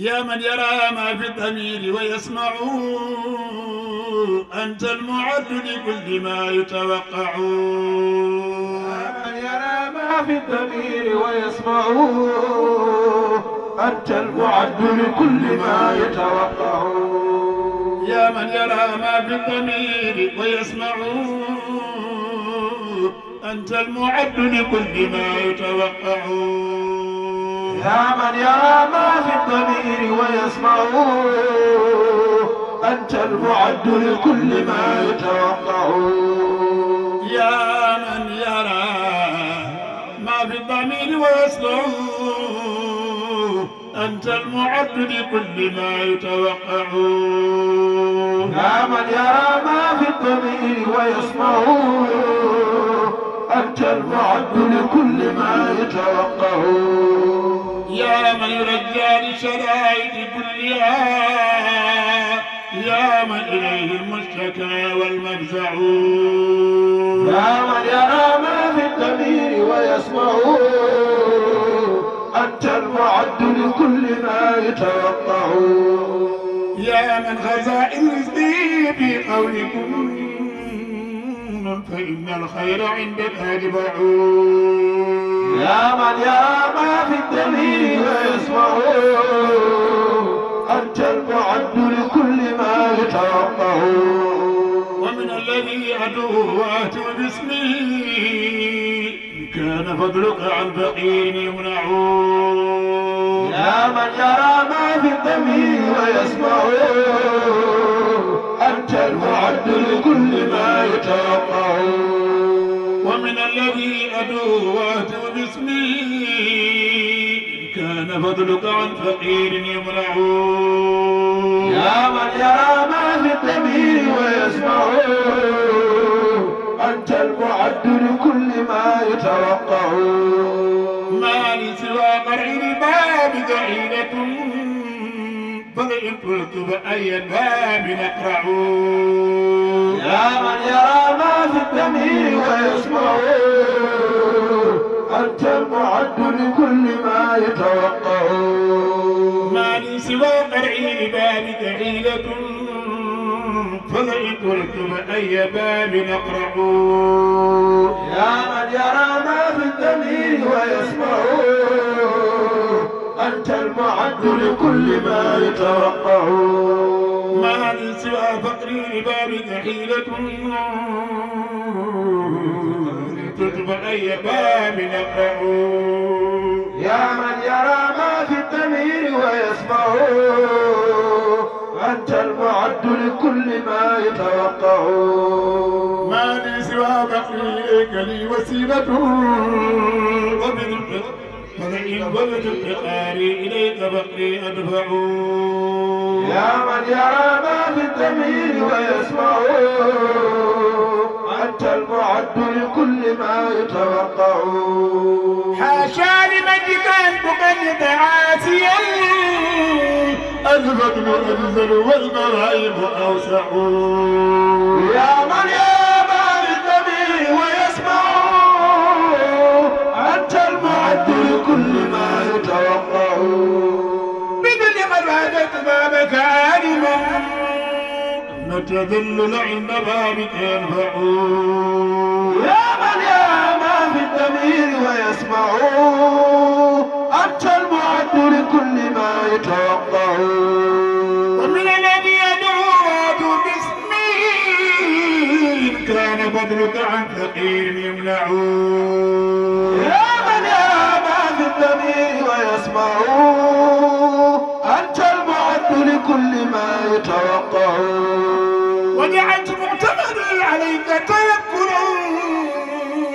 يا من يرى ما في الضمير ويسمع أنت المعد لكل ما يتوقع من يرى ما في الضمير ويسمع أنت المعد لكل ما يتوقع يا من يرى ما في الضمير ويسمع أنت المعد لكل ما يتوقع يا من يرى ما في الضمير ويسمعه أنت المعد لكل ما يتوقع يا من يرى ما في الضمير ويسمعه أنت المعد لكل ما يتوقع يا من يرى ما في الضمير ويسمعه أنت المعد لكل ما يتوقعون يا من رجع لشدائد كلها يا من إليه المشتكى والمفزع يا من يرى ما في الضمير ويسمع أنت المعد لكل ما يتوقع يا من غزا رزقي في قولكم فإن الخير عندك أجمعون يا من يا ما في الدليل يسمع أنت المعد لكل ما يتوقع ومن الذي أدعوه وأتي باسمه كان فضلك عن بقين يمنع يا من يرى ما في الدم ويسمع أنت المعد لكل ما يتوقع ومن الذي أدعو وأهتم باسمه كان فضلك عن فقير يمنع يا من يرى ما في الضمير ويسمع أنت المعد لكل ما يتوقع ما لي سوى قرع الباب زعيمة قل إن قلت فأي الباب نقرع يا من يرى ما في الدم ويسمع أنت المعد لكل ما يتوقع ما لي سوى قرعي بابك حيلة فضعت قلت أي باب نقرع يا من يرى ما في الدم ويسمع أنت المعد لكل ما يتوقع ما هذه سوى فقر الباب حيلة تتبع أي باب نقرأ يا من يرى ما في الضمير ويسمعه أنت المعد لكل ما يتوقع ما لي سوى بحر إليك لي وسيلة وبالقطع فلئن قلت التقاري إليك بقي أدفع يا من يرى ما في الدمير ويسمع أنت المعد لكل ما يتوقع حاشا لمن كان تقلد عاسيا الفضل أنزل والبرائم أوسع يا من يرى إنك عالم نتذلل عند بابك ينفعون يا من يا يعمى في التمهيد ويسمع أنت المعد لكل ما يتوقع ومن الذي يدعو باسمه كان فضلك عن فقير يمنع يا من يا يعمى في التمهيد ويسمع كل ما يتوقعون وجعلت معتمدي عليك تيقنا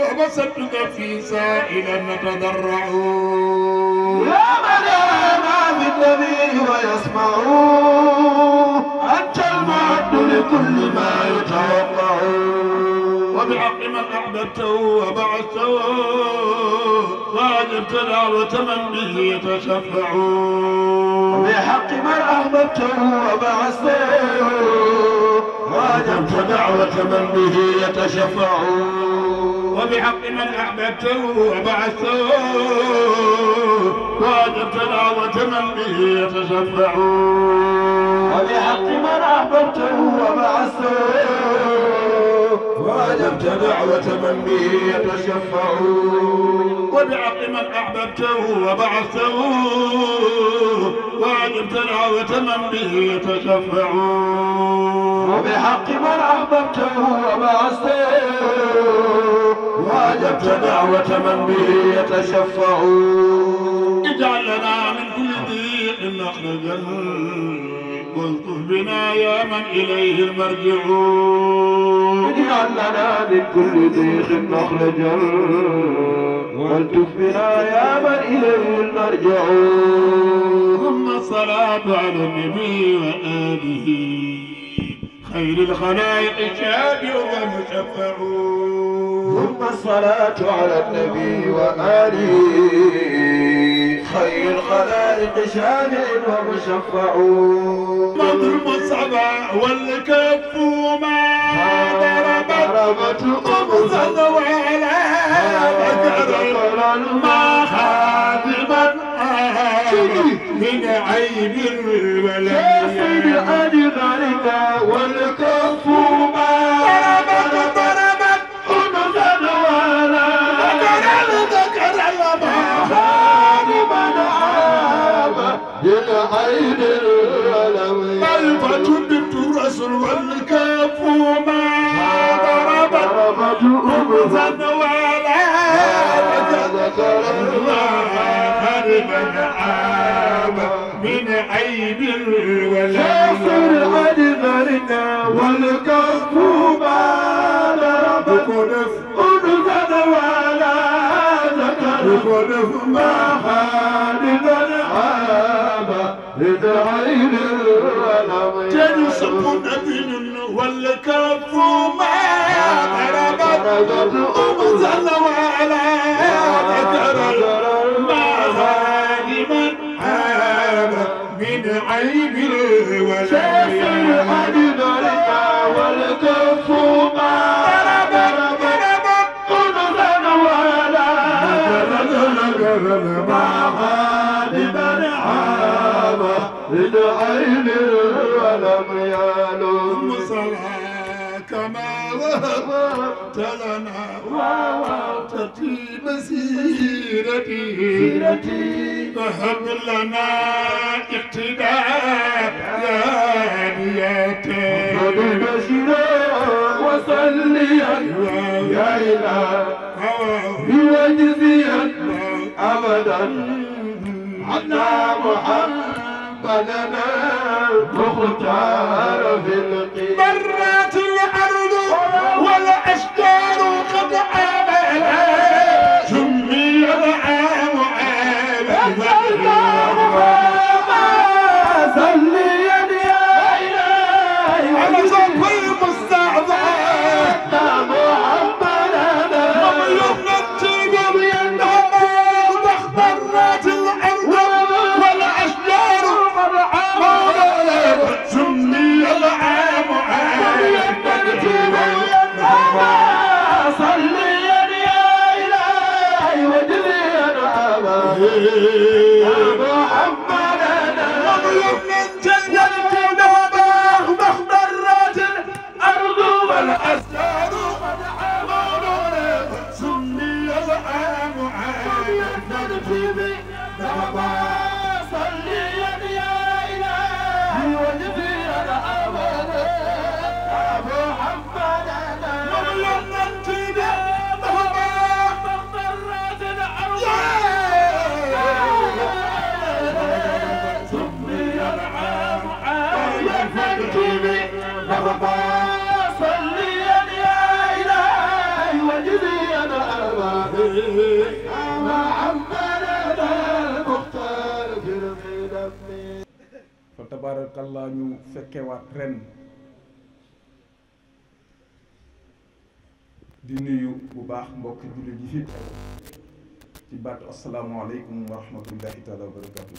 وبسطتك في سائلا نتضرع يا من يرى ما في النبي ويسمع أنت المعد لكل ما يتوقع وبحق من أحببته وبعثته بعد ابتلع وتمن به تشفعوا بحق من أحببته وبعثته وآدم تبع وتمن به يتشفع وبحق من أحببته وبعثته وآدم تبع وتمن به يتشفع وبحق من أحببته وبعثته ولم تدع به يتشفع وبعق من أحببته وبعثته وعدم تدع به يتشفع وبحق من أحببته وبعثته وأجبت تدع من به يتشفع اجعل لنا من كل ضيق مخرجا والطف بنا يا من إليه المرجع اجعل لنا من كل ضيق مخرجا والتف بنا يا من إليه المرجع ثم الصلاة على النبي وآله خير الخلائق شافع ومشفع ثم الصلاة على النبي وآله خير الخلائق شافع ومشفع مضرب الصبا والكف ما ضربت صلوا على ذكر ما خادما من عين الولاء شافع عن ذلك والكف ما ضربت والكف ما ضربت خبزا ولا خربت عام من عين الولاء فرحة غرنا والكف ما ضربت خبزا ولا ذكر ما خالد العام لدعين الولد ابن والكف ما ضربت لنا وتقي مسيرتي فهب لنا اقتداء يا نياتي وصليا يا إله بوجزيا أبدا عنا محمد محمدنا مختار في القيام tabaarakallaa ñu fekkewaat ren di nuyu bu baax mbokk jullit yi fi ci baatu asalaamaaleykum wa rahmatullahi taala wa barakatu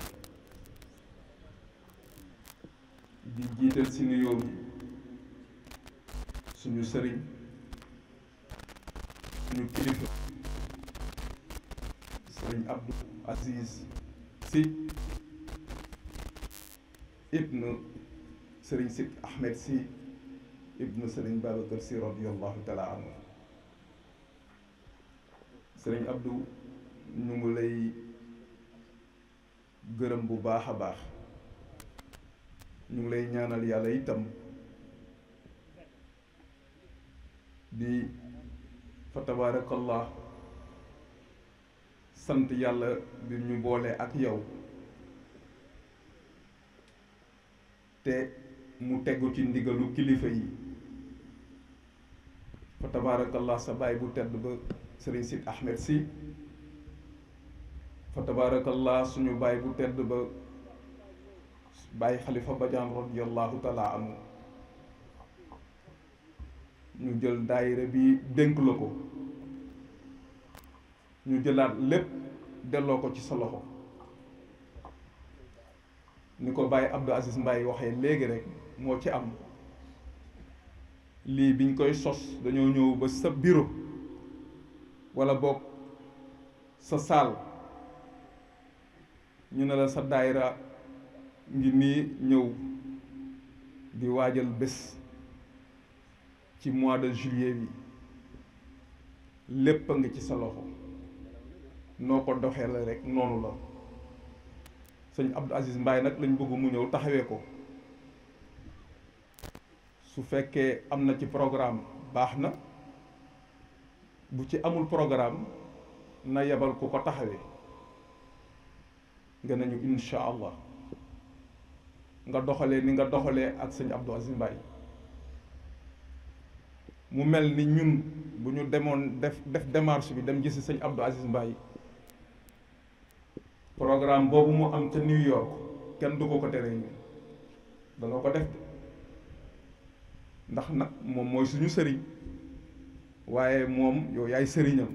di jiital si nuyoo suñu sëriñ suñu kilifa sëriñ Abdou Aziz Sy ibnu sëriñ si ahmed si ibnu sëriñ babacar si radiallahu taala anhu sëriñ abdou ñu ngi lay gërëm bu baax a baax ñu ngi lay ñaanal yàlla itam di fa tabaarakallah sant yàlla bi ñu boole ak yow te mu tegu ci ndigalu kilifa yi fa tabaarakallah sa baay bu tedd ba sëriñ Sid Ahmed si fa tabaarakallah suñu baay bu tedd ba baay xalifa bajaan radiallahu taala anhu ñu jël daayira bi dénk la ko ñu jëlaat lépp delloo ko ci sa loxo ni ko bàyyi Abdou Aziz Mbaye waxee léegi rek moo ci am lii biñ koy sos dañoo ñëw ba sa bureau walla boog sa salle ñu ne la sa daayira ngi nii ñëw di waajal bés ci mois de juillet bi lépp a ngi ci sa loxo noo ko doxee la rek noonu la sëñ عبد Aziz مباي نك lañ bëgg مو ñëw taxawee كو سو fekkee امنا تي ci programme بو تي bu ci amul programme كو كو ku ko نيو ان شاء الله allah nga doxalee ni nga doxalee ak sëñ Abdou Aziz Mbaye mu mel ni ñun bu ñu demone def def démarche bi dem gisi seigne Abdou Aziz Mbaye programme boobu mu am ca New York kenn du ko ko tere ñun danoo ko def ndax nag moom mooy suñu sëriñ waaye moom yow yaay sëriñam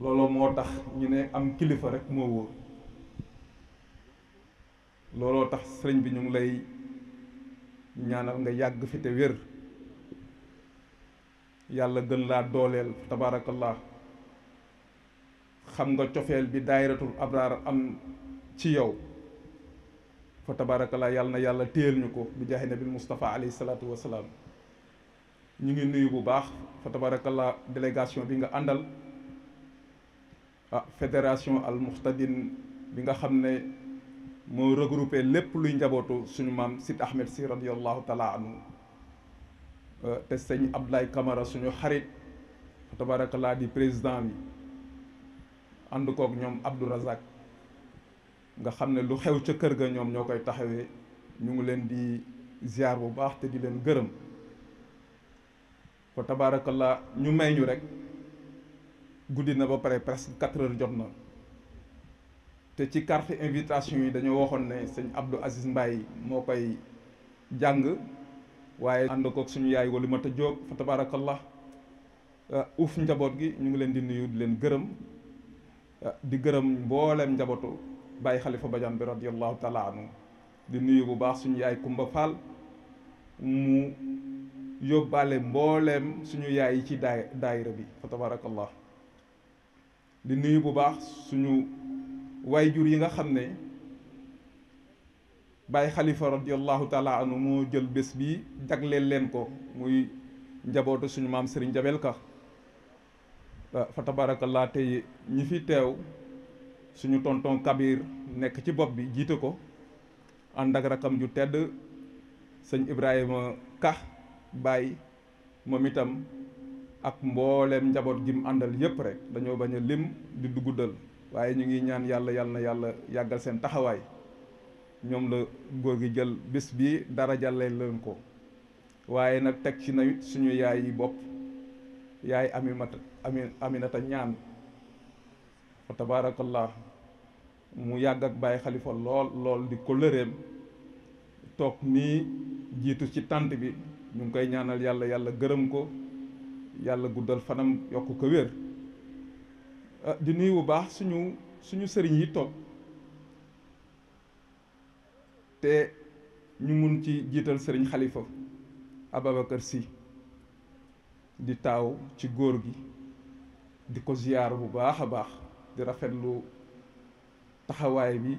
loolu moo tax ñu ne am kilifa rekk moo wóor looloo tax sëriñ bi ñu ngi lay ñaanal nga yàgg fi te wér yàlla gën laa dooleel tabaarakallah xam nga cofeel bi daayiratul abraar am ci yow fa tabaarakallaa yàlla na yàlla téel ñu ko bi jaahi nabil Moustapha alayhi salaatu wa ñu ngi nuyu bu baax fa tabaarakallaa délégation bi nga àndal ah fédération al muhtadin bi nga xam ne moo regroupé lépp luy njabootu suñu maam Sid Ahmed si radiyallahu taala anhu te sëñ Abdoulaye Camara suñu xarit fa di président bi. ànd kook ñoom Abdou Razak nga xam ne lu xew ca kër ga ñoom ñoo koy taxawee ñu ngi leen di ziar bu baax te di leen gërëm fa tabaarakallah ñu may ñu rek guddi na ba pare presque quatre heures jot na te ci carte invitation yi dañoo waxoon ne sëñ Abdou Aziz mbay moo koy jàng waaye ànd kook suñu yaay Walimata Diop fa tabaarakallah uh, uuf njaboot gi ñu ngi leen di nuyu di leen gërëm di gërëm mbooleem njabootu bàyyi xalifa Badiane bi radiyallahu taala anhu di nuyu bu baax suñu yaay Kumba Fall mu yóbbaale mbooleem suñu yaay yi ci daay daayira bi fa tabarakallah di nuyu bu baax suñu waayjur yi nga xam ne bàyyi Khalifa radiyallahu taala anhu jël bés bi jagleel leen ko muy njabootu suñu maam Serigne Jabel Ka Euh, fa tabaarakallaa tey ñi fi teew suñu tonton Kabir nekk ci bopp bi jiite ko ànd ak rakam ju tedd sëñ Ibrahima Ka Baye moom itam ak mbooleem njaboot gi mu àndal yépp rek dañoo bañ a lim di duguddal waaye ñu ngi ñaan yàlla yàlla na yàlla yàggal seen taxawaay ñoom la góor gi jël bés bi dara jàllee leen ko waaye nag teg ci na suñu yaay yi bopp yaay ami mata amin aminata ñaan fa tabaarakallah mu yàgg ak bàyyi xalifa lool lool di kóllëreem toog nii jiitu ci tànt bi ñu ngi koy ñaanal yàlla yàlla gërëm ko yàlla guddal fanam yokk ko wér ah, di nuyu bu baax suñu suñu sëriñ yi toog te ñu mun ci jiital sëriñ xalifa Ababacar si di taaw ci góor gi di ko ziyaar bu baax a baax di rafetlu taxawaay bi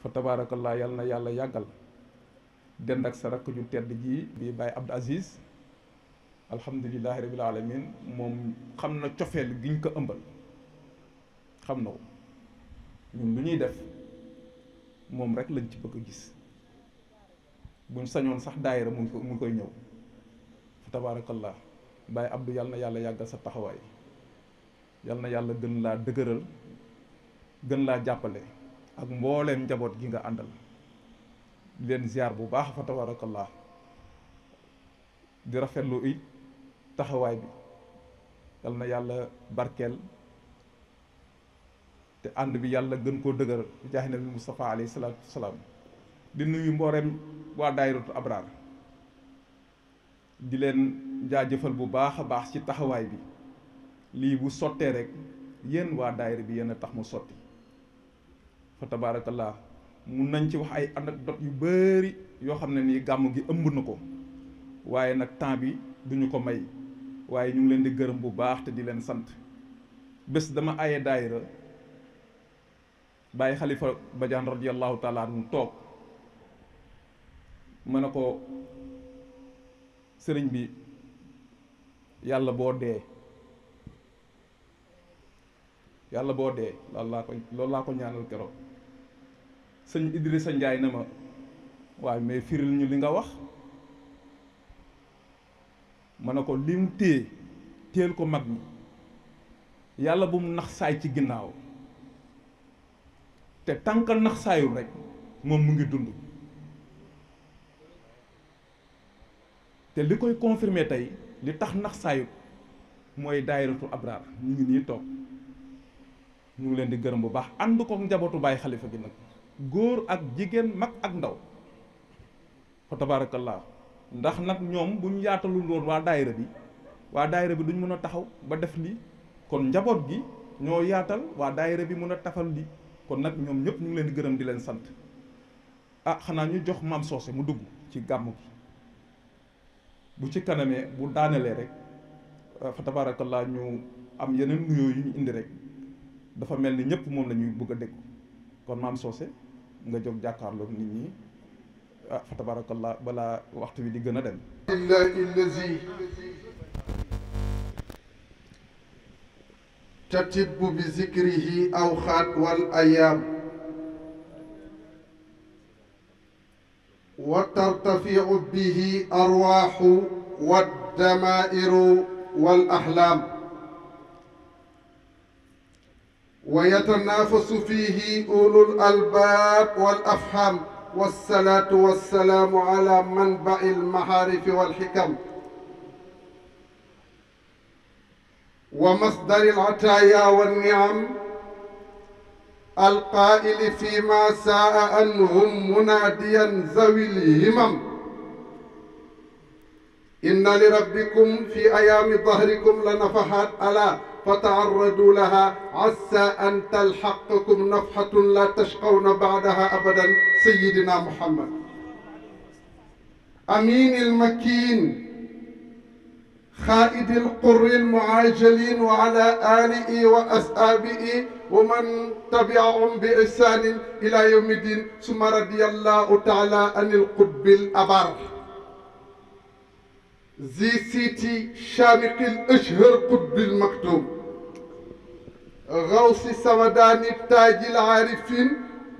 fa tabaarakallaa yal na yàlla yàggal dend ak sa rakk ñu tedd ji di bàyyi abd Aziz alhamdulilahi rabil alamin moom xam na cofeel giñ ko ëmbal xam na ko ñun lu ñuy def moom rek lañ ci bëgg a gis buñ sañoon sax daayira mu ngi koy ñëw fa bàyyi abdu yàlla na yàlla yàggal sa taxawaay yal na yàlla gën laa dëgëral gën laa jàppale ak mbooleem njaboot gi nga àndal leen ziar bu baax fa tabarakallah di rafetlu it taxawaay bi yal na yàlla barkeel te ànd bi yàlla gën koo dëgër jaaxi nabi Mustafa alayhi salaatu wasalaam di nuyu mbooreem waa daayiratu abraar di leen jaajëfal bu baax a baax ci taxawaay bi lii bu sottee rekk yenn waa daayira bi yéen tax mu sotti fa tabaarakallah mun nañ ci wax ay anecdote yu bari yoo xam ne nii gàmm gi ëmb na ko waaye nag temps bi duñu ko may waaye ñu ngi leen di gërëm bu baax te di leen sant bés dama aye daayira bàyyi xalifa bajaan radiallahu taala mu toog ma ne ko sëriñ bi yàlla boo dee yàlla boo dee loolu laa ko loolu laa ko ñaanal keroog sëñ Idrissa Njaay na ma waaye mais firil ñu li nga wax ma ne ko li mu téye téel ko mag ñi yàlla bu mu nax saay ci ginnaaw te tànk nax saayul rek moom mu ngi dund te li koy confirmer tey li tax nax saayut mooy daayiratu abraar ñu ngi nii toog ñu ngi leen di gërëm bu baax ànd kook njabootu Baay Xalifa gi nag góor ak jigéen mag ak ndaw fa tabaarakallaa ndax nag ñoom bu ñu yaatalul woon waa daayira bi waa daayira bi duñ mën a taxaw ba def lii kon njaboot gi ñoo yaatal waa daayira bi mën a tafal lii kon nag ñoom ñëpp ñu ngi leen di gërëm di leen sant ah xanaa ñu jox maam soose mu dugg ci gàmm gi bu ci kanamee bu daanalee rek fa tabaarakallaa ñu am yeneen nuyoo yu ñu indi rek dafa mel ni ñëpp moom la ñuy bëgg a déglu kon maam soose nga jóg nit ñi ah, fa tabarakallah waxtu bi di gën dem tatibbu bi zikrihi aw wal wa tartafiu bihi wal ويتنافس فيه أولو الألباب والأفهام والصلاة والسلام على منبع المعارف والحكم ومصدر العطايا والنعم القائل فيما ساء أنهم مناديا ذوي الهمم إن لربكم في أيام ظهركم لنفحات ألا فتعرضوا لها عسى أن تلحقكم نفحة لا تشقون بعدها أبدا سيدنا محمد أمين المكين خائد القر المعاجلين وعلى آله وأسابه ومن تبعهم بإحسان إلى يوم الدين ثم رضي الله تعالى عن القطب الأبر زي سيتي شامق الأشهر قطب المكتوم غوص سمداني تاج العارفين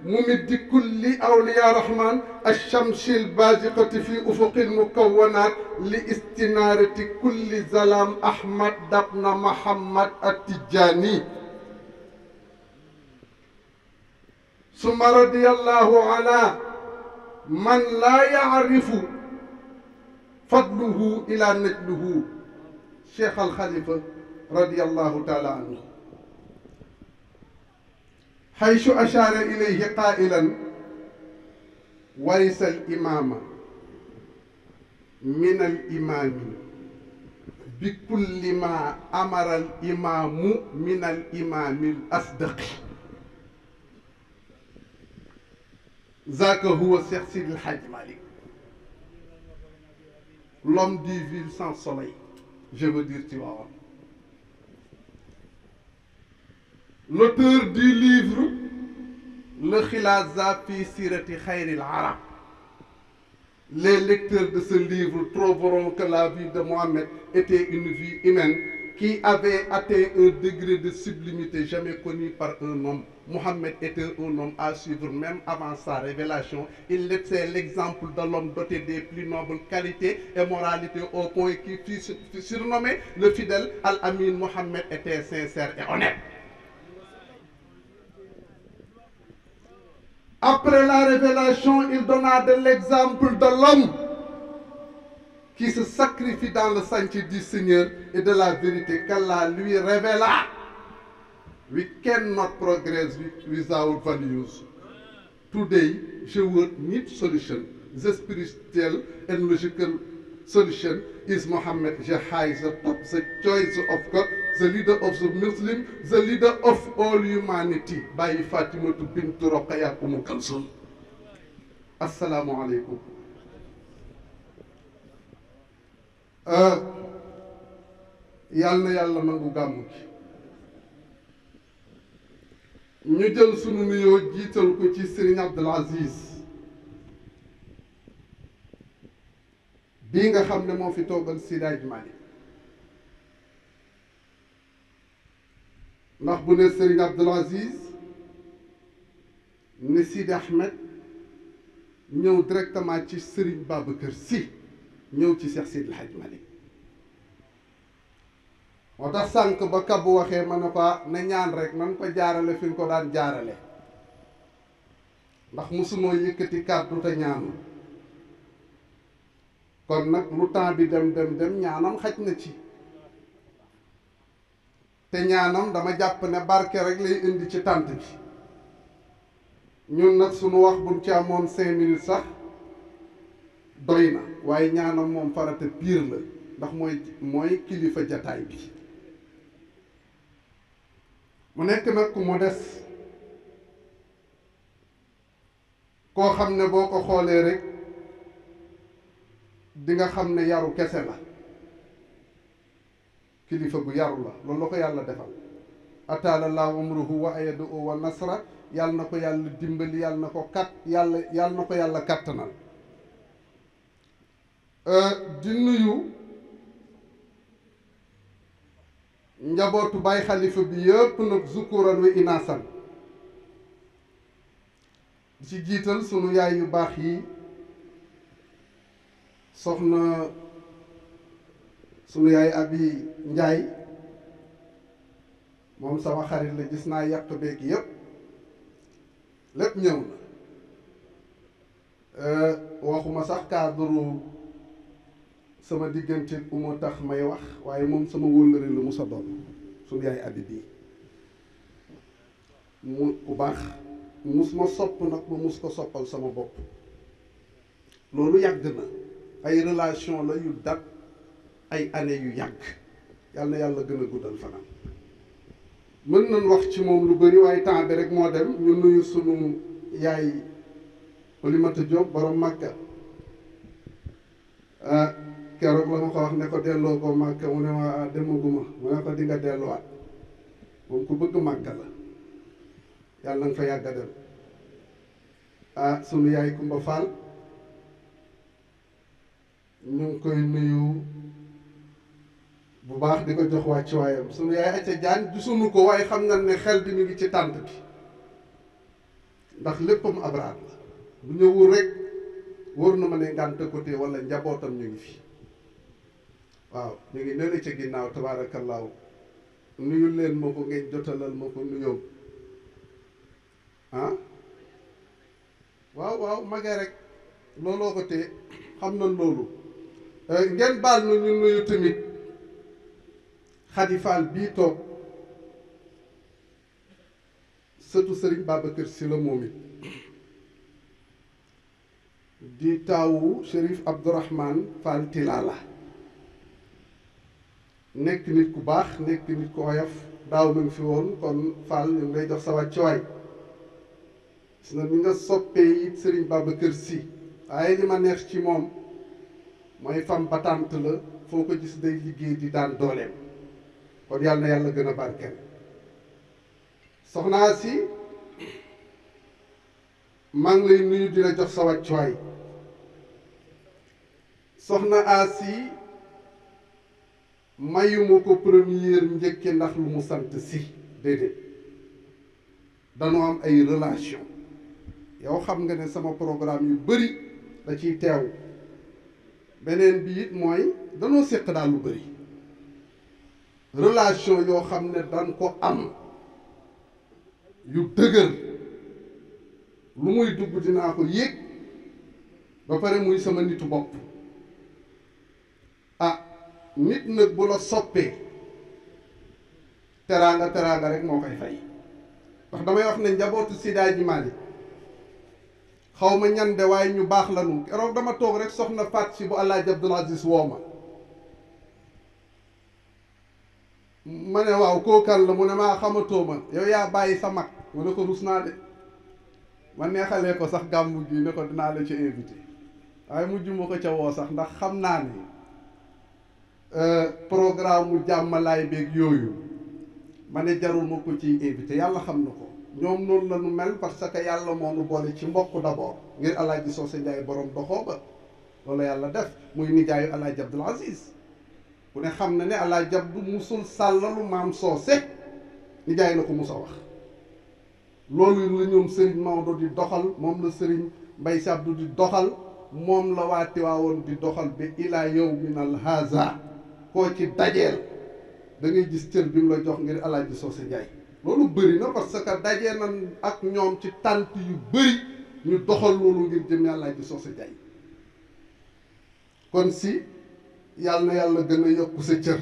ممد كل أولياء رحمن الشمس البازقة في أفق المكونات لاستنارة كل زلام أحمد دقن محمد التجاني ثم رضي الله على من لا يعرف فضله إلى نجله شيخ الخليفة رضي الله تعالى عنه حيث أشار إليه قائلا ويس الإمام من الإمام بكل ما أمر الإمام من الإمام الأصدق ذاك هو شيخ سيد الحاج مالك l'homme du ville sans soleil. Je veux dire tu vois. L'auteur du livre, Le Khilazafi Sirati Arab, les lecteurs de ce livre trouveront que la vie de Mohamed était une vie humaine qui avait atteint un degré de sublimité jamais connu par un homme. Mohammed était un homme à suivre même avant sa révélation. Il était l'exemple de l'homme doté des plus nobles qualités et moralités au point qu'il fut surnommé le fidèle Al-Amin Mohammed était sincère et honnête. Après la révélation, il donna de l'exemple de l'homme qui se sacrifie dans le sentier du Seigneur et de la vérité qu'Allah lui révéla. We cannot progress without values. Today, the world needs solution. The spiritual and logical solution is Muhammad Jahai, the top, the choice of God, the leader of the Muslim, the leader of all humanity by Fatima bint Ruqayya Umm Kulsum. Assalamu alaikum. Uh, ah, yàlla yàlla nangu gàmmu ñu jël sunu nuyoo jiital ko ci Serigne Abdoul Aziz bii nga xam ne moo fi toggal Sidaaj Mali ndax bu ne Serigne Abdoul Aziz ne Sidi Ahmed ñëw directement ci Serigne kër si ñëw ci Cheikh Sidi El moo tax sànq ba kabbu waxee ma ne ko na ñaan rek nan ko jaarale fi ko daan jaarale ndax mosuma yëkkati kàddu te ñaanu kon nag lu temps bi dem dem ñaanam xaj na ci te ñaanam dama jàpp ne barke rek lay indi ci tànt bi ñun nag suñu wax buñ ci amoon cinq minutes sax doy na waaye ñaanam moom farata piir la ndax mooy mooy kilifa jataay bi mu nekk nag ku modeste koo xam ne boo ko xoolee rek dinga xam ne yaru kese la kilifa gu yaru la loolu la ko yàlla defal ataala laahu umruhu wa ayadahu wa nasra yàlla na ko yàlla dimbali yàlla na ko kat yàlla yàlla na ko yàlla kattanal euh, di nuyu njabootu Baay Xalifa bi yëpp nag zukkuran wi inaasan di ci jiital sunu yaay yu baax yi soxna sunu yaay abi njaay moom sama xarit la gis naa yàq beeg yëpp lépp ñëw na euh, waxuma sax cadre sama diggante bu moo tax may wax waaye moom sama wóllëre lu mu sa doon suñu yaay addi bi mu bu baax mus ma sopp nag ma mus ko soppal sama bopp loolu yàgg na ay relation la yu dat ay années yu yàgg yàlla na yàlla gën a guddal fanam mën nañ wax ci moom lu bëri waaye temps bi rek moo dem ñu nuyu sunu yaay Oulimata Diop borom Màkka ah, keroog la ma ko wax ne ko delloo ko màkka mu ne ma demaguma mu ne ko di nga delluwaat moom ku bëgg màkka la yàlla nga fa yàgg a dem ah sunu yaay Kumba Fall ñu koy nuyu bu baax di ko jox wàcc waayam sunu yaay acca jaan gisuñu ko waaye xam na ne xel bi mu ngi ci tànt bi ndax léppam abraat la bu ñëwul rek wóor na ma ne ngànte ko té wala njabootam ñu ngi fii waaw ñu ngi nële ca ginnaaw tabaarakallaahu nuyu leen ma ko ngeen jotalal ma ko nuyoo ah waaw waaw magee rek looloo ko tee xam na loolu eh, ngeen baal nu ñu nuyu tamit xadifaal bii toog sëtu sëriñ Babacar Si la moom it di taawu Chérif Abdourahman Fall Tilala nekk nit ku baax nekk nit ku oyof daaw ma ngi fi woon kon Fall ñu ngi lay jox sa wàccuwaay gis na ni nga soppee it sëriñ Babacar Sy waaye li ma ci moom mooy fam batante la foo ko gis day liggéey di daan dooleem kon yàlla yàlla gën a barkeel soxnaa si maa ngi lay nuyu jox sa soxna Asi mayuma ko première njëkke ndax lu mu sant si déedéet danoo am ay relation yow xam nga ne sama programme yu bëri da ciy teew beneen bi it mooy danoo séq daal lu bëri relation yoo xam ne dan ko am yu dëgër lu muy dugg dinaa ko yéeg ba pare muy sama nitu bopp nit nag bu la soppee teraanga teraanga rek moo koy fay ndax damay wax ne njabootu Sida ji Mali xaw ma ñan de waaye ñu baax la nu keroog dama toog rek soxna Faat si bu Alaaji Abdul Aziz ma ma ne waaw kookan la mu ne maa xamatoo ma yow yaa bàyyi sa mag ma ne ko rus naa de ma neexalee ko sax gàmmu gi ne ko dinaa la ci invité waaye mujj ma ko ca woo sax ndax xam naa ne programme jamalay jàmmalaay yoyu mané jarul mako ci invité yàlla xam nako ñom non la nu mel parce que yàlla mo nu bolé ci mbokk d'abord ngir di sosé Njaay borom doxo ba loolu yàlla def muy nijaayu alaaji Abdul Aziz ku ne xam na ne allah jabd musul sàllalu mam sosé nijaay la ko mus wax lolu la ñom Serigne Maodo di doxal mom la Serigne mbay Sy di doxal mom la wati Tiwaawoon di doxal bi ila yawmin al haza koo ci dajeel da gis cër jox ngir alaaji Socé Ndiaye loolu bëri na parce que dajee nan ak ñoom ci tànt yu bëri ñu doxal loolu ngir jëmee alaaji Socé Ndiaye kon si yàlla na yàlla gën a yokk sa cër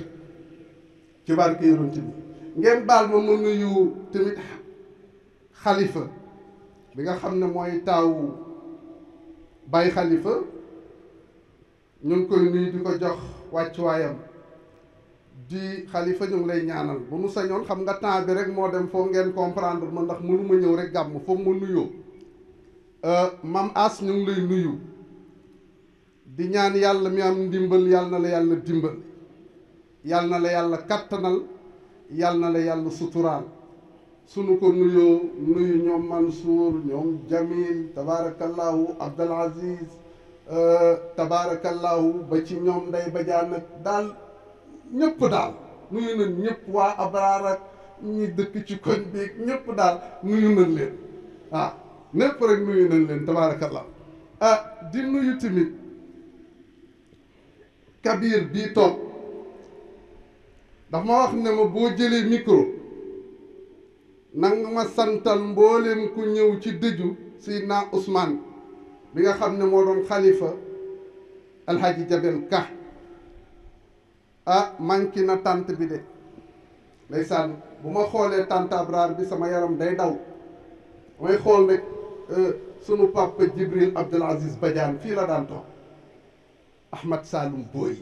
ci barke yonent bi ngeen baal ma mën nuyu tamit xalifa bi nga xam ne mooy taawu bàyyi xalifa ñu ngi koy nuyu di ko jox wàccuwaayam di xalifa ñu lay ñaanal bu nu sañoon xam nga temps rek moo dem foog ngeen comprendre ma ndax mënu ma ñëw rek gàmm foog ma nuyoo euh, mam as ñu lay nuyu di ñaan yàlla mi am ndimbal yàlla na la yàlla dimbal yàlla na la yàlla kattanal yàlla na la yàlla suturaal sunu ko nuyoo nuyu ñoom Mansour ñoom Jamil tabaarakallaahu Abdul Aziz euh, ba ci ñoom nday bajaan ak daal ñëpp daal nuyu nañ ñëpp waa abraar ak ñi dëkk ci koñ bi ñépp daal nuyu nañ leen waaw ah, ñëpp rek nuyu nañ leen tabaarakallah ah di nuyu tamit Kabir bii toog dafa wax ne ma boo jëlee micro nanga ma santal mboolem ku ñëw ci dëju Seydina usmaan bi nga xam ne moo doon xalifa alxaaji Jabel Ka ah manqué na tànt bi de ndeysaan bu ma xoolee tànt abraar bi sama yaram day daw mooy xool nag euh, sunu papa Jibril Abdul Aziz Badiane fii la daan toog Ahmad Saloum Boy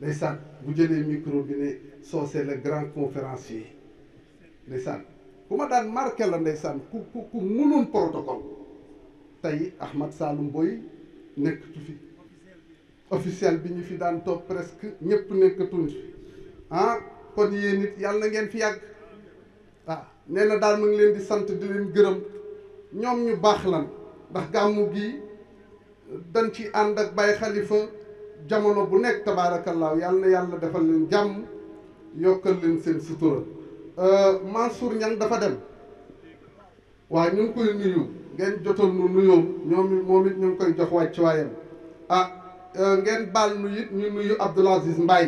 ndeysaan bu jëlee micro bi ne Socé le grand conférencier ndeysaan ku ma daan marqué la ndeysaan ku ku ku mënoon protocole tey Ahmad Saloum Boy nekk tu fi officiel bi ñu fi daan toog presque ñëpp nekkatul ah kon yéen it yàlla na ngeen fi yàgg waaw ah, nee na daal ma ngi leen di sant di leen gërëm ñoom ñu baax lan ndax gàmmu gi dañ ci ànd ak Baye xalifa jamono bu nekk tabaarakallaahu yàlla na yàlla defal leen jàmm yokkal leen seen sutura euh, Mansour Niang dafa dem waa ñu ngi koy nuyu ngeen jotoon nu nuyoo moom it ñu koy jox wàccuwaayam ah Euh, ngeen baal nu nuyu Abdoul Aziz mbaay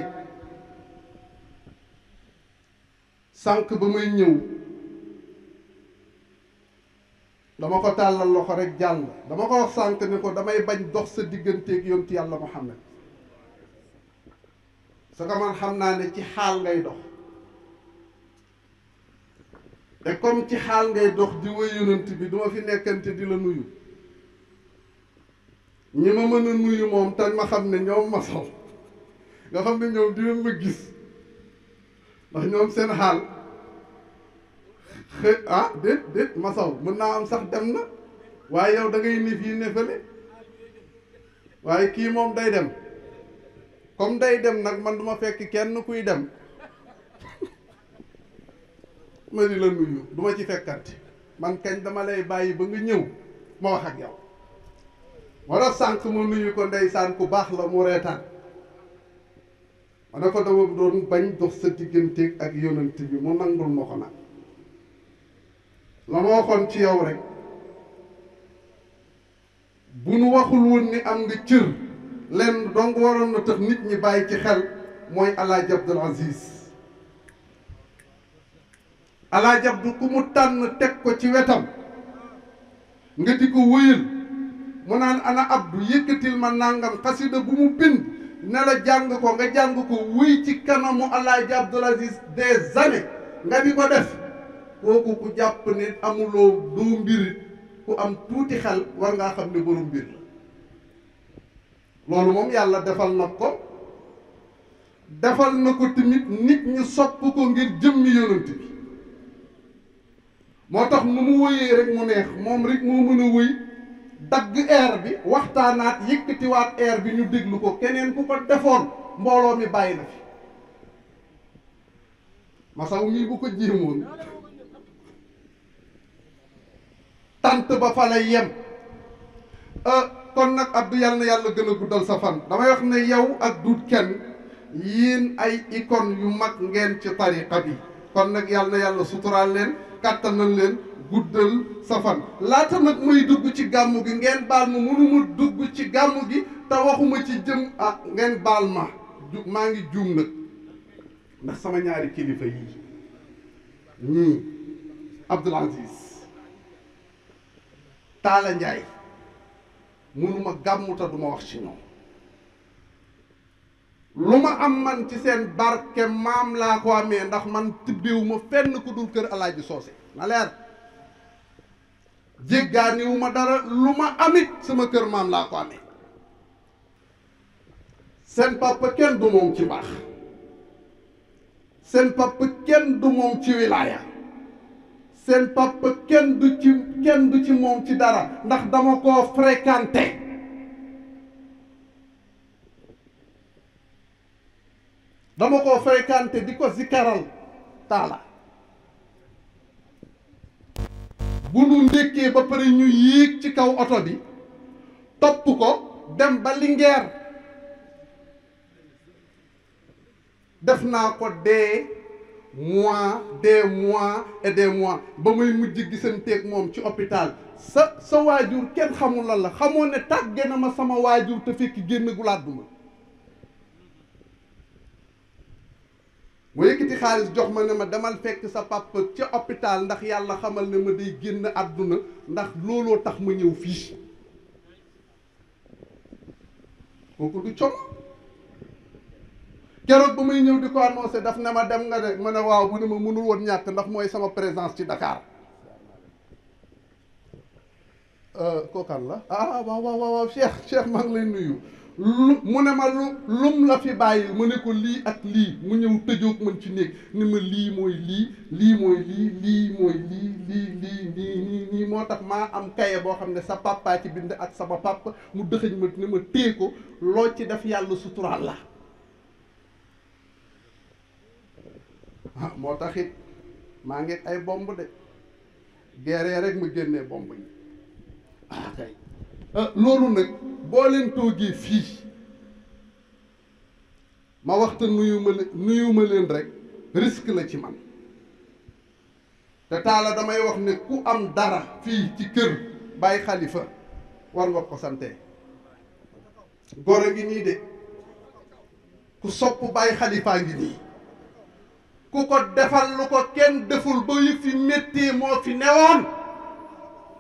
sànq ba may ñëw dama ko tàllal loxo rek jàll dama ko wax sànq ni ko damay bañ dox sa yoon ci yàlla Muhammad sa ko man xam naa ne ci xaal ngay dox te comme ci xaal ngay dox di wëy yonent bi duma fi nekkante di la nuyu ñi ma mën a nuyu moom tañ ma xam ne ñoom ma sol nga xam ne ñoom dinañ ma gis ndax ñoom seen xaal xë ah déet déet ma saw mën naa am sax dem na waaye yow dangay ngay ni fii ne fële waaye kii moom day dem comme day dem nag man duma fekk kenn kuy dem ma ni la nuyu du ma ci fekkante man kañ dama lay bàyyi ba nga ñëw ma wax ak yaw moo tax sànq ma nuyu ko ndeysaan ku baax la mu reetaan ma ne ko dama doon bañ dox sa digganteeg ak yonent bi mu nangul ma ko nag la ma waxoon ci yow rek bu nu waxul woon ni am nga cër lenn dong waroon na tax nit ñi bàyyi ci xel mooy Alaaji Abdul Aziz Alaaji Abdu ku mu tànn teg ko ci wetam nga di ko wëyal mu naan ana abdu yëkkatil ma nangam xasida bu mu bind ne la jàng ko nga jàng ko wuy ci kanamu alaaji Abdul Aziz des années nga di ko def kooku ku jàpp ne amuloo doo mbir ku am tuuti xel war ngaa xam ne borom mbir loolu moom yàlla defal na ko defal na ko tamit nit ñi sopp ko ngir jëmmi yonent moo tax nu mu wëyee rek mu neex moom rek moo mën a wëy dagg air bi waxtaanaat yëkkatiwaat air bi ñu déglu ko keneen ku ko defoon mbooloo mi bàyyi na fi masaw mii bu ko jéemoon tant ba fa lay yem euh, kon nag Abdou yàlla na yàlla gën a guddal sa fan damay wax ne yow ak duut kenn yéen ay icône yu mag ngeen ci tariqa bi kon nag yàlla yàlla suturaal leen kàttanal leen guddal safan fan laata muy dugg ci gamu gi ngeen mu munu mu dugg ci gamu gi ta waxuma ci jëm ah ngeen bal ma ma ngi joom nak ndax sama ñaari kilifa yi ni abdul Aziz ndjay munu ma gamu ta duma wax ci ñoom luma am man ci sen barke mam la ko amé ndax man tibbiwu fenn ku dul kër alaaji sosé na leer jéggaaniwu ma dara lu ma amit sama kër maam laa ko amee seen papa kenn du moom ci baax seen papa kenn du moom ci wilaaya seen papa kenn du ci kenn du ci moom ci dara ndax dama koo fréquenté dama koo fréquenté di ko zikaral taala bu nu ndékkee ba pare ñu yéeg ci kaw oto bi topp ko dem ba Linguère def naa ko des mois des mois et des ba muy mujj gisanteeg moom ci hôpital sa sa waajur kenn xamul la la xamoo ne tàgge na ma sama waajur te fekk génn gu làdduma mu yëkkati xaalis jox ma ne ma demal fekk sa papa ca hôpital ndax yàlla xamal ne ma day génn àdduna ndax looloo tax ma ñëw fii kooku du com keroog ba may ñëw di ko annoncé daf ne ma dem nga de ma ne waaw mu ne ma mënul woon ñàkk ndax mooy sama présence ci Dakar euh, kokan la ah waaw waaw waaw Cheikh Cheikh maa lay nuyu lu mu ne ma lu lum la fi bàyyi mu ne ko lii ak lii mu ñëw tëjoog man ci néeg ni ma lii mooy lii lii mooy lii lii mooy lii lii lii nii nii moo tax maa am kaye boo xam ne sa papa ci bind ak sama papa mu dëxëñ ma ni ma téye ko loo ci def yàlla suturaal la ah moo taxit maa ngi ay bomb de geeree rek ma génnee bomb yi ah, Euh, loolu nag boo leen toogee fii ma waxta nuyu ma leen nuyu ma leen rek risque la ci man te taala damay wax ne ku am dara fii ci kër bàyyi xalifa war nga ko sante goro ngi nii de ku sopp bàyyi xalifaa ngi nii ku ko defal lu ko kenn deful ba yu fi métti moo fi newoon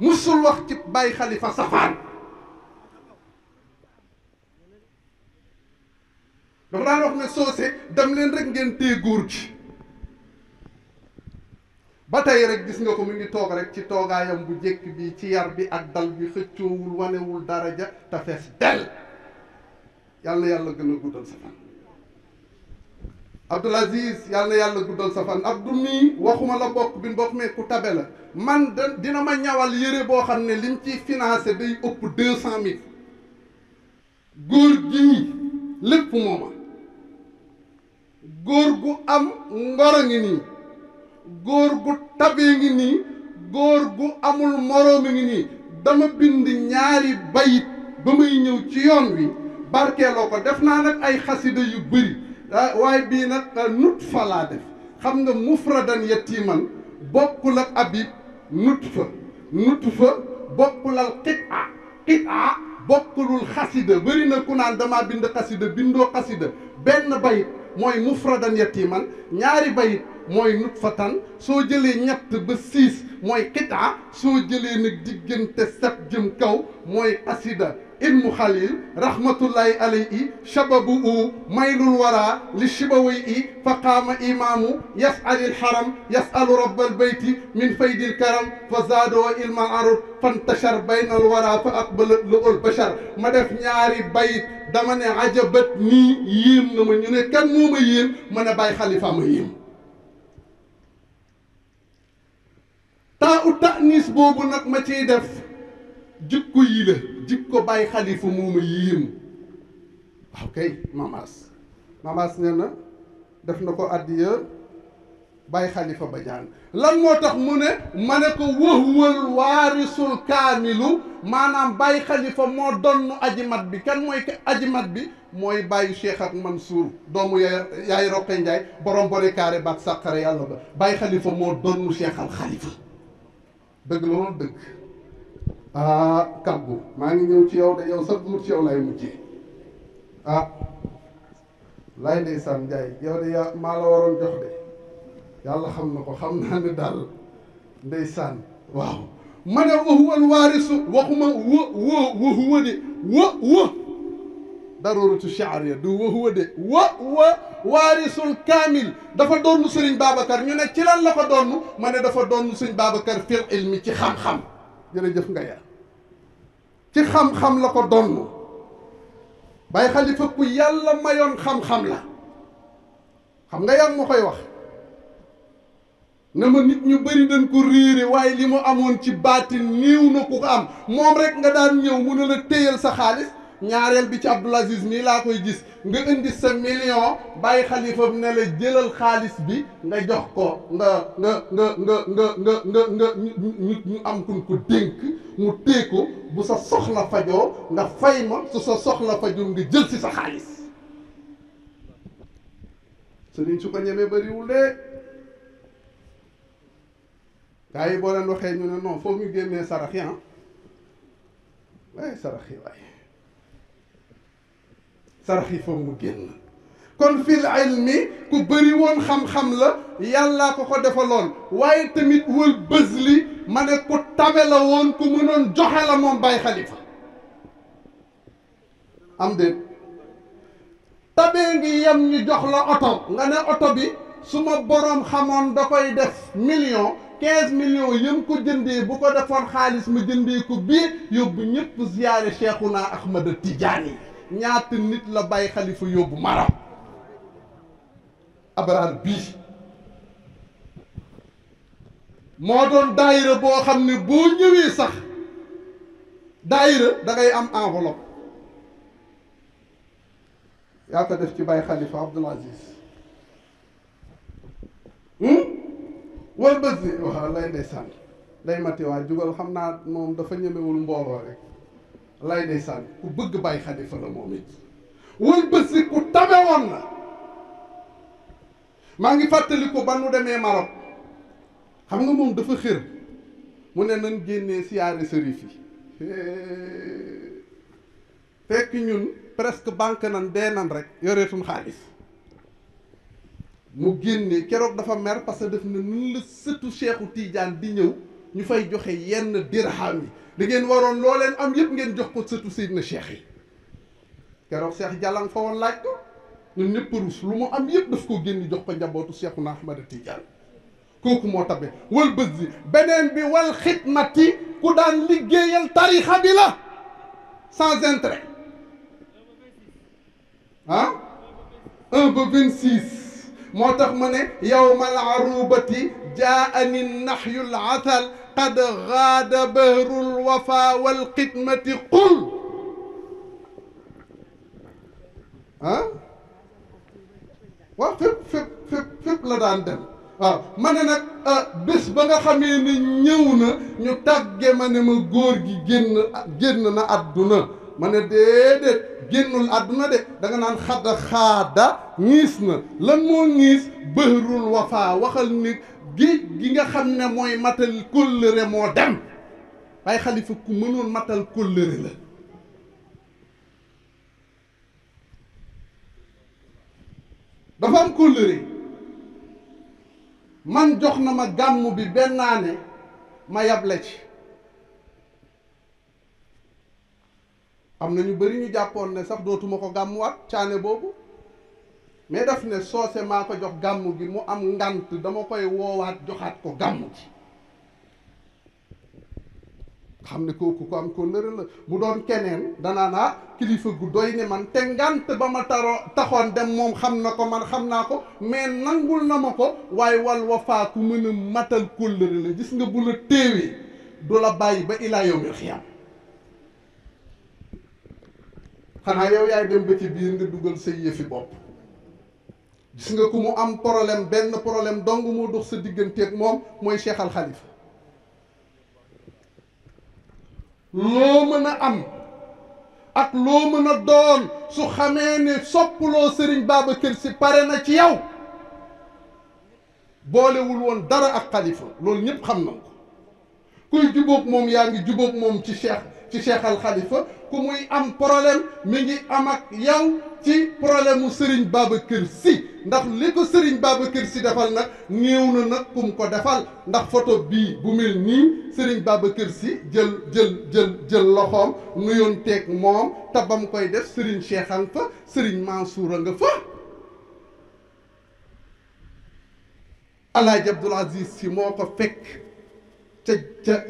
mësul wax ci bàyyi xalifa safaan dafa daan soose dem leen rek ngeen téye góor gi ba tey rek gis nga ko mu ngi toog rek ci toogaayam bu jekk bi ci yar bi ak dal bi xëccoowul wanewul daraja te fees del yàlla yàlla gën a guddal sa fan Abdoul Aziz yàlla yàlla guddal sa fan Abdou mi waxuma la bokk bi bokk mais ku tabe la man da dina ma ñawal yére boo xam ne lim ci finance day ëpp deux cent mille góor lépp mooma góor gu am ngor ngi nii góor gu tabee ngi nii góor gu amul moroom ngi nii dama bind ñaari bayit ba may ñëw ci yoon wi barkeeloo ko def naa nag ay xasida yu bëri ah, waaye bii nag ah, nut fa laa def xam nga mufradan yatiman bokkul ak abib nut fa nut fa bokkul ak qita qita bokkulul xasida bëri na ku naan damaa bind xasida bindoo xasida benn bayit mooy mufradan yatiman ñaari bayit mooy nutfatan soo jëlee ñett ba siis mooy qitaa soo jëlee nag diggante set jëm kaw mooy qasida ابن خليل رحمة الله عليه شبابه ميل الورى للشبوي فقام إمامه يسأل الحرم يسأل رب البيت من فيد الكرم فزاد وإلم العرب فانتشر بين الورى فأقبل لؤ البشر مدف نياري بيت dama ne ajabat nii yéem na ma ñu ne kan moo ma yéem ma ne bàyyi xalifa ma yéem def jikko bàyyi xalifa moomu yéem waaw kay mamaas mamaas nee na def na ko àddiya bàyyi xalifa ba jàng lan moo tax mu ne ma ne ko wëhwël waarisul kaamilu maanaam bàyyi xalifa moo donnu ajimat bi kan mooy ajimat bi mooy bàyyi Cheikh ak Mansour doomu yaay yaay Roqe Njaay borom bone kaare baat sàqare yàlla ba bàyyi xalifa moo donnu Cheikh xalifa dëgg la woon dëgg ah kàggu maa ngi ñëw ci yow de yow chaque jour ci yow lay mujjee ah lay ndeysaan Njaay yow de yaa maa la waroon jox de yàlla xam na ko xam naa ne daal ndeysaan waaw ma ne wahuwal waarisu waxuma wë wë wahuwa de wë wë daruratu shaar ya du wahuwa de wë wë kaamil dafa doonnu sëriñ Babacar ñu ne ci lan la fa doonnu ma ne dafa doon sëriñ Babacar fil ilmi ci xam-xam jërëjëf nga ya ci xam-xam la ko donn Baye Khalifa ku yàlla mayoon xam-xam la xam nga yàgg ma koy wax na ma nit ñu bari dañ ko réere waaye li mu amoon ci baatin néew na ku am moom rek nga daan ñëw mu ne la téyal sa xaalis ñaareel bi ci Abdoul Aziz mii laa koy gis nga indi sa million bàyyi xalifa ne la jëlal xaalis bi nga jox ko nga nga nga nga nga nga nga nga ñu am kun ko dénk mu téye ko bu sa soxla fajoo nga fay ma su sa soxla fajoo nga jël si sa xaalis sëriñ su ko ñemee bariwul de gars yi boo leen waxee ñu ne non foofu ñu génnee sarax yi ah. waaye sarax yi waaye sarax yi foog mu génn kon fil ilmi ku bëri woon xam-xam la yàllaa ko ko defaloon waaye tamit wël bës li ma ne ku tabe la woon ku mënoon joxe la moom Baye Khalifa am déet tabee ngi yem ñu jox la oto nga ne oto bi su ma boroom xamoon da koy def million quinze millions yëm ko jëndee bu ko defoon xaalis mu jëndee ko biir yóbbu ñëpp ziyaare Cheikhuna Ahmada Tijaani ñaat nit la bàyyi khalifa yóbbu maram abrar bi mo doon daire bo xamne bo boo sax daire da ngay am enveloppe ya ko def ci bàyyi khalifa Abdul Aziz wal bés bi waaw lay ndeysaan lay mati waa jugal xamna mom moom dafa ñemewul mbolo rek lay ndeysaan ku bëgg bàyyi xalifa la moom it wël bësi ku tabe woon na maa ngi fàttali ko ba nu demee Maroc xam nga moom dafa xër mu ne nan génnee siyaare sërif yi fekk ñun presque banque nan dee nan rek yoreetum xaalis mu génne keroog dafa mer parce que def ne nun la sëtu Cheikhu Tidiane di ñëw ñu fay joxe yenn dirham yi da ngeen waroon loo leen am yëpp ngeen jox ko sëtu Seydina Cheikh yi keroog Cheikh Jàllang fa woon laaj ko ñun ñëpp ruus lu mu am yëpp daf koo génn jox ko njabootu Cheikhuna Ahmada Tidiane kooku moo tabe wal bës bi beneen bi wal xidmati ku daan liggéeyal tarixa bi la sans intérêt ah un ba vingt-six moo tax mu ne yawmal arubati jaani nahyul atal قد غاد بهر الوفا والقدمة قل ها وفب فب فب فب لا دان دم واه مانا نك أه، بس باغا خامي ني نيونا ني تاغي ماني ما غور جي ген ген نا ادنا مانا ديدت генول ادنا دي داغا نان خاد خادا نيسنا لان مو نيس بهر الوفا وخال نيك géej gi nga xam ne mooy matal kóllëre moo dem waaye xalifa ku mënoon matal kóllëre la dafa am kóllëre man jox na ma gàmmu bi bennaane ma yable ci am na ñu bari ñu jàppoon ne sax dootuma ko gàmmuwaat caane boobu mais daf ne soose maa ko jox gàmm gi mu am ngant dama koy woowaat joxaat ko gàmmu gi xam ne kooku ko am ko la bu doon keneen danaa naa kilifa gu doy ne man te ngant ba ma taro taxoon dem moom xam na ko man xam naa ko mais nangul na ma ko waaye wal wafaa ku mën a matal ko la gis nga bu la téewee du la bàyyi ba ilaa yawmil xiyaam xanaa yow yaay dem ba biir nga dugal sa yëfi bopp gis nga ko mu am problème benn problème dong moo dox sa digganteeg moom mooy Cheikh Al loo mën a am ak loo mën a doon su xamee ne soppuloo Serigne Babacar si pare na ci yow boolewul woon dara ak Khalifa loolu ñëpp xam na ko kuy jubóog moom yaa ngi jubóog moom ci Cheikh. ci Cheikh Al Khalifa ku muy am problème mi ngi am ak yow ci problème mu Serigne Babacar Sy ndax li ko sëriñ Serigne Babacar si defal nag néew na nag kum ko defal ndax foto bii bu mel nii Serigne Babacar Sy jël jël jël jël loxoom nuyoon teeg moom te ba mu koy def Serigne Cheikh a nga fa Serigne Mansour a nga fa. Alaaji Abdoul Aziz Sy moo ko fekk ca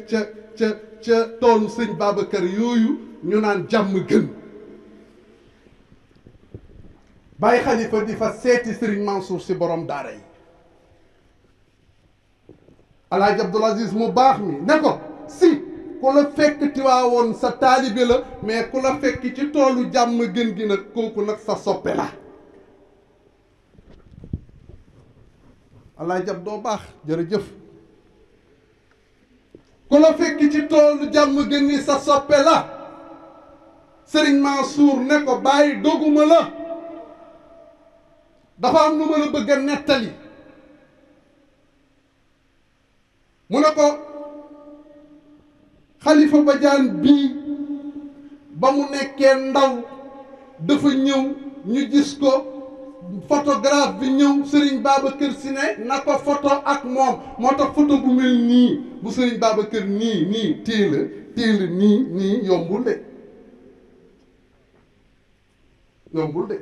ca ca. ca toolu sëñ Babacar yooyu ñu naan jàmm gën Baye Khalifa di fa seeti Serigne Mansour si borom daara yi Alhaji Abdoul Aziz mu baax mi ne ko si ku la fekk tiwaawoon sa taalibe la mais ku la fekk ci toolu jàmm gën gi nag kooku nag sa soppe la Alhaji doo baax jërëjëf ku la fekk ci toolu jàmm gën ni sa soppe la sëriñ Mansour ne ko bàyyi doguma la dafa am lu la bëgg nettali mu ne ko xalifa bajaan bii ba mu nekkee ndaw dafa ñëw ñu gis ko photographe bi ñëw Serigne Babacar si ne na ko photo ak moom moo tax photo bu mel nii bu Serigne Babacar nii nii téela téela nii nii yombul de yombul de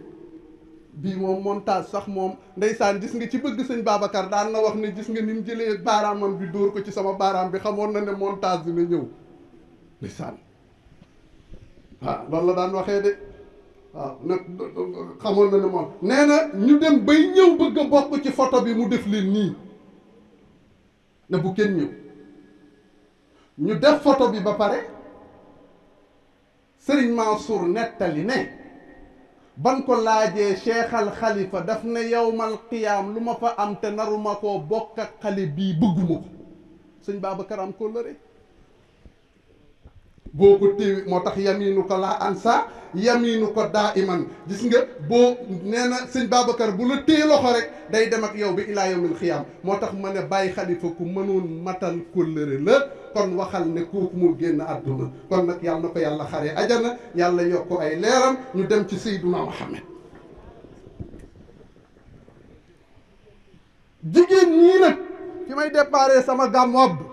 bii moom montage sax moom ndeysaan gis nga ci bëgg sëñ Babacar daan na wax ne gis nga ni mu jëlee baaraamam bi dóor ko ci sama baaraam bi xamoon na ne montage dina ñëw ndeysaan waaw loolu la daan waxee de waaw nag xamoon moom nee na ñu dem bay ñëw bëgg a bokk ci photo bi mu def leen nii ne bu kenn ñëw ñu def foto bi ba pare Serigne Mansour nettali ne ban ko laajee Cheikh xalifa Khalifa daf ne yowmal qiyaam lu ma fa am te naruma koo bokk ak xale bii bëgguma ko sëñ Babacar am kóllëre boo ko téewe moo tax yamiinu ko laa ansa yamiinu ko daa iman gis nga boo nee na sëñ Babacar bu la téye loxo rek day dem ak yow bi ilaa yawmil xiyaam moo tax ma ne bàyyi xalifa ku mënoon matal kóllëre la kon waxal ne kooku mu génn àdduna kon nag yàlla na ko yàlla xaree ajana yàlla yokk ay leeram ñu dem ci Seyduna Muhammad jigéen ñii nag fi may déparé sama gàmmu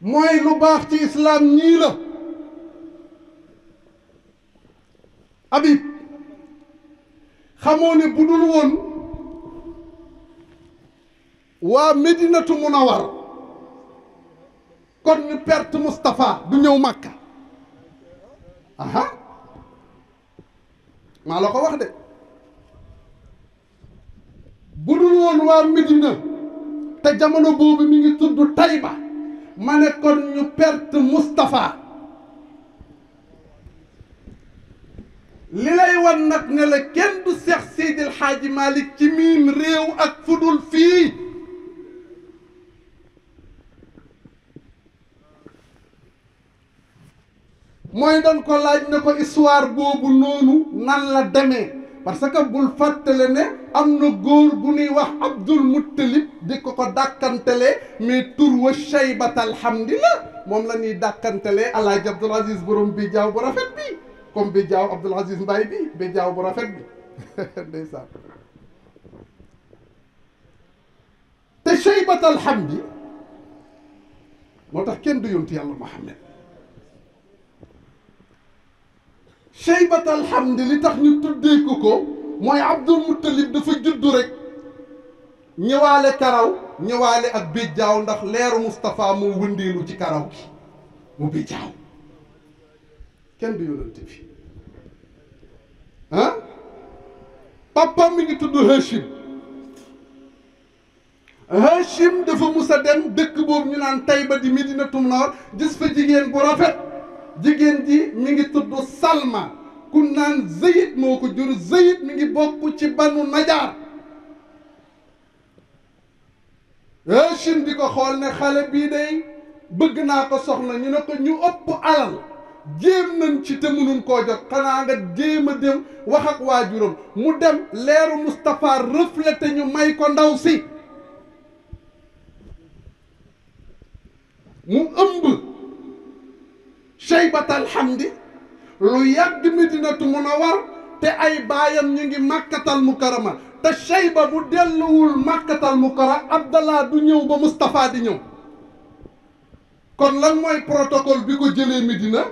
mooy lu baax ci islaam ñii la Habib xamoo ne bu dul woon waa Medinatu Munawar kon ñu perte Moustapha du ñëw Makka aha maa la ko wax de bu woon waa Medina te jamono boobu mu ngi tudd Tayba ma ne kon ñu perte Moustapha li lay wan nag ne la kenn du Seex Seydil Xaaji Malick ci miim réew ak fudul fii mooy doon ko laaj ne ko histoire boobu noonu nan la deme parce que bul fàttale ne am na góor bu ñuy wax Abdul Muttalib di ko ko dàkkantelee mais tur wa Shaybat alhamdulillah moom la ñuy dàkkantelee Alaaji Abdul Aziz borom bi jaaw bu rafet bi comme bi jaaw Abdul Aziz Mbaye bi bi jaaw bu rafet bi ndeysaan te Shaybat alhamdi moo tax kenn du yontu yàlla Muhammad شيبة الحمد لله تخ ني تودي كوكو موي عبد المطلب دا فا جود رك نيوالي كراو نيوالي اك بيجاو ندخ لير مصطفى مو ونديلو سي كراو كي مو بيجاو كان دي يونت في ها بابا ميغي تودو هاشم هاشم دا فا موسى دم دك بوب ني نان تايبا دي مدينه تمنار جيس فا جيغين بو رافيت jigéen ji mi ngi tudd Salma ku naan Zayid moo ko jur Zayid mi ngi bokk ci banu Najaar Hachim di ko xool ne xale bii day bëgg naa ko soxna ñu ne ko ñu ëpp alal jéem nañ ci te mënuñ koo jot xanaa nga jéem a dem wax ak waajuram mu dem leeru Moustapha reflété ñu may ko ndaw si mu ëmb Cheybatal Hamdi lu yàgg Medinatu Munawwar te ay baayam ñu ngi màkkatal mukarama te Cheyba bu delluwul màkkatal mukara Abdallah du ñëw ba Moustapha di ñëw kon lan mooy protocole bi ko jëlee Medina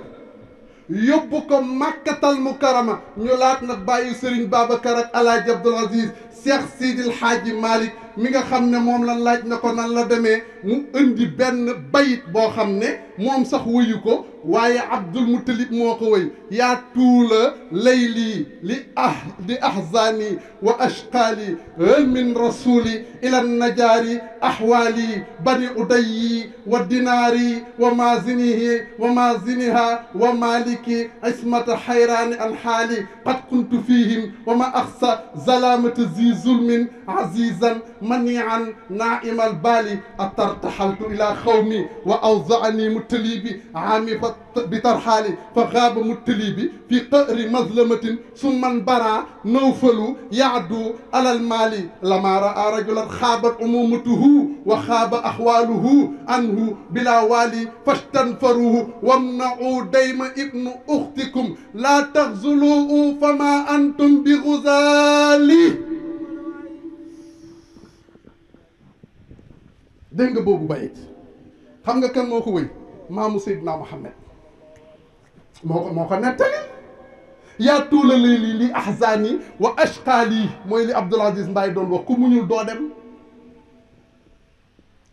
yóbbu ko màkkatal mukarama ñu laat nag bàyyi Serigne Babacar ak El Hadj Abdoul Aziz Cheikh Sidil Hadji mi nga xam ne moom la laaj na ko nan la demee mu indi benn bayit boo xam ne moom sax wëyu ko waaye Abdul Muttalib moo ko wëy yaa tuula laylii li ah di ahzaani wa ashqaali hal min rasuli ila najaari ahwaali bani udayi wa dinaari wa maazinihi wa maaziniha wa maliki ismata xayraani an xaali qad kuntu fihim wa ma axsa zalaamata zi zulmin azizan منيعا نائم البالي أترتحلت إلى خومي وأوضعني متليبي عامي بترحالي فغاب متليبي في قئر مظلمة ثم انبرى نوفل يعدو على المال لما رأى رجلا خابت أمومته وخاب أحواله عنه بلا والي فاستنفروه وامنعوا ديم ابن أختكم لا تغزلوه فما أنتم بغزالي deng bobu boobu bayit xam nga kan moko ko wëy maamu Seydina Muhammad moko ko moo ko nettali li li ahzani wa ashqali moy li abdul Aziz Mbaye don wax ku muñul do dem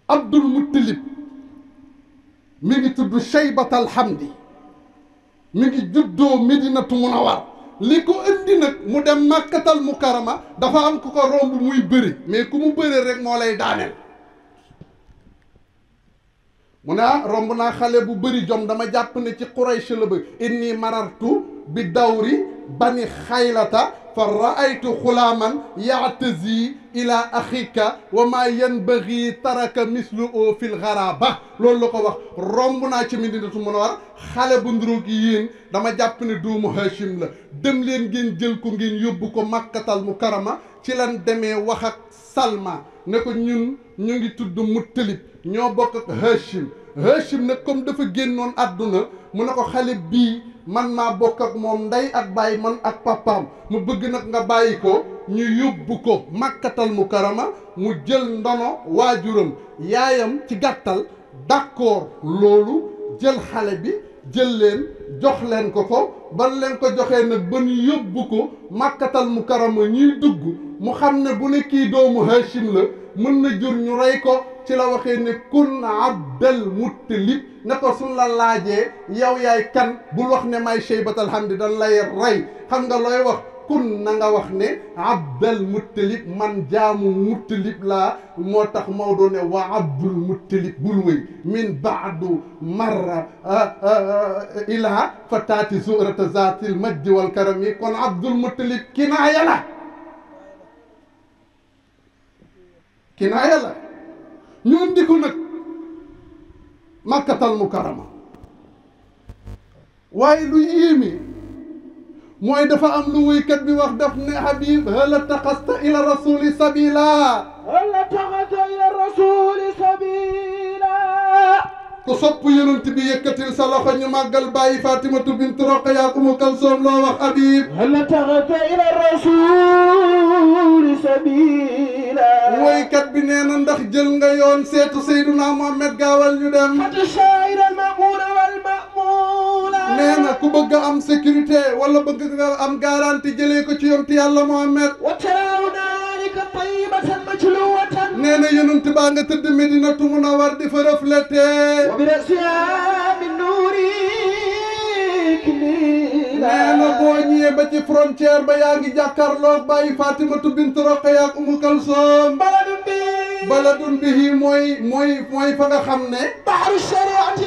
Abdul Muttalib mi ngi tuddu Shaybat alhamdi mi ngi juddo Medinatu Munawar liko indi nak mu dem màkkatal mukarrama dafa am ku ko romb muy beuri mais ku mu bëri rek moo lay daaneel mu ne ah romb naa xale bu bëri jom dama jàpp ne ci Quraysh la ba inni marartu bi dawri bani xaylata fa raaytu xulaaman yaatasi ila axika wa maa yanbagi taraka mislu o fil garaba loolu la ko wax romb naa ci Madinatu Munawwara xale bu nduróog yéen dama jàpp ne doomu Hachim la dem leen ngeen jël ko ngeen yóbbu ko Makkatal mu Mukarrama ci lan demee wax ak Salma ne ko ñun ñu ngi tudd Muttalib ñoo bokk ak Hachim Hachim nag comme dafa génnoon àdduna mu ne ko xale bii man maa bokk ak moom ndey ak bàyyi man ak papaam mu bëgg nag nga bàyyi ko ñu yóbbu ko màkkatal mu karama mu jël ndono waajuram yaayam ci gàttal d'accord loolu jël xale bi jël leen jox leen ko ko ban leen ko joxee nag ba ñu yóbbu ko màkkatal mu karama ñuy dugg mu xam ne bu ne kii doomu Hachim la mën na jur ñu rey ko ci la waxe ne kun abdal muttalib ne ko suñ la laajee yow yaay kan bul wax ne may sheybatal hamdi dañ xam nga looy wax kun na wax ne abdal muttalib man jaamu muttalib laa moo tax Maodo ne wa abdul muttalib bul wéy min baadu marra ilaa fataati zurata zaatil majdi wal karam yi kon abdul muttalib kinaaya la ñu indi ko nag makkatal mukarama waaye lu yéeme mooy dafa am lu wuykat bi wax daf ne Habib hala taxasta ila rasuli sabila hala taxasta ila rasuli sabila ku sopp yonent bi yëkkatil sa ñu màggal bàyyi fatimatu bintu roqaya umu kalsoom loo wax habib hal taxata ila rasul sabila woykat bi nee na ndax jël nga yoon seetu sayduna muhammad gaawal ñu dem nee na ku bëgg am sécurité wala bëgg nga am garanti jëlee ko ci yonent yàlla muhammad nee na yonent baa nga tëdd Medinatu Munawwar di fa reflété nee na boo ñëwee ba ci frontière ba yaa ngi jàkkaarloog bàyyi Fatimatu bint Roqaya ak Umu Kalsoom baladun bihi mooy mooy mooy fa nga xam ne baxaru shariati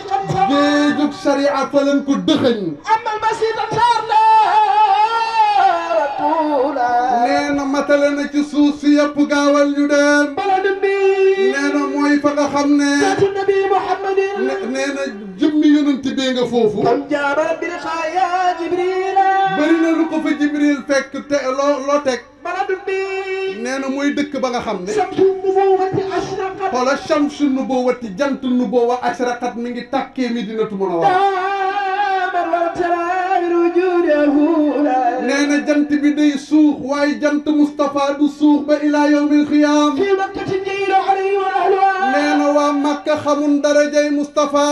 géejug sharia fa leen ko dëxëñ amal masid ansaar la nee na matale na ci suuf si yëpp gaawal ñu dem. nee na mooy fa nga xam ne. nee na jëmmi yonent bi nga foofu. bëri na lu ko fa Jibril fekk te loo loo teg. nee na mooy dëkk ba nga xam ne. xoola Shamsu nubuwwati jant nubuwwa ashraqat mi ngi tàkkee Madinatu Munawwara nee na jant bi day suux waaye jant Moustapha du suux ba ilaa yawmil qiyaam nee na waa Makka xamun darajay Moustapha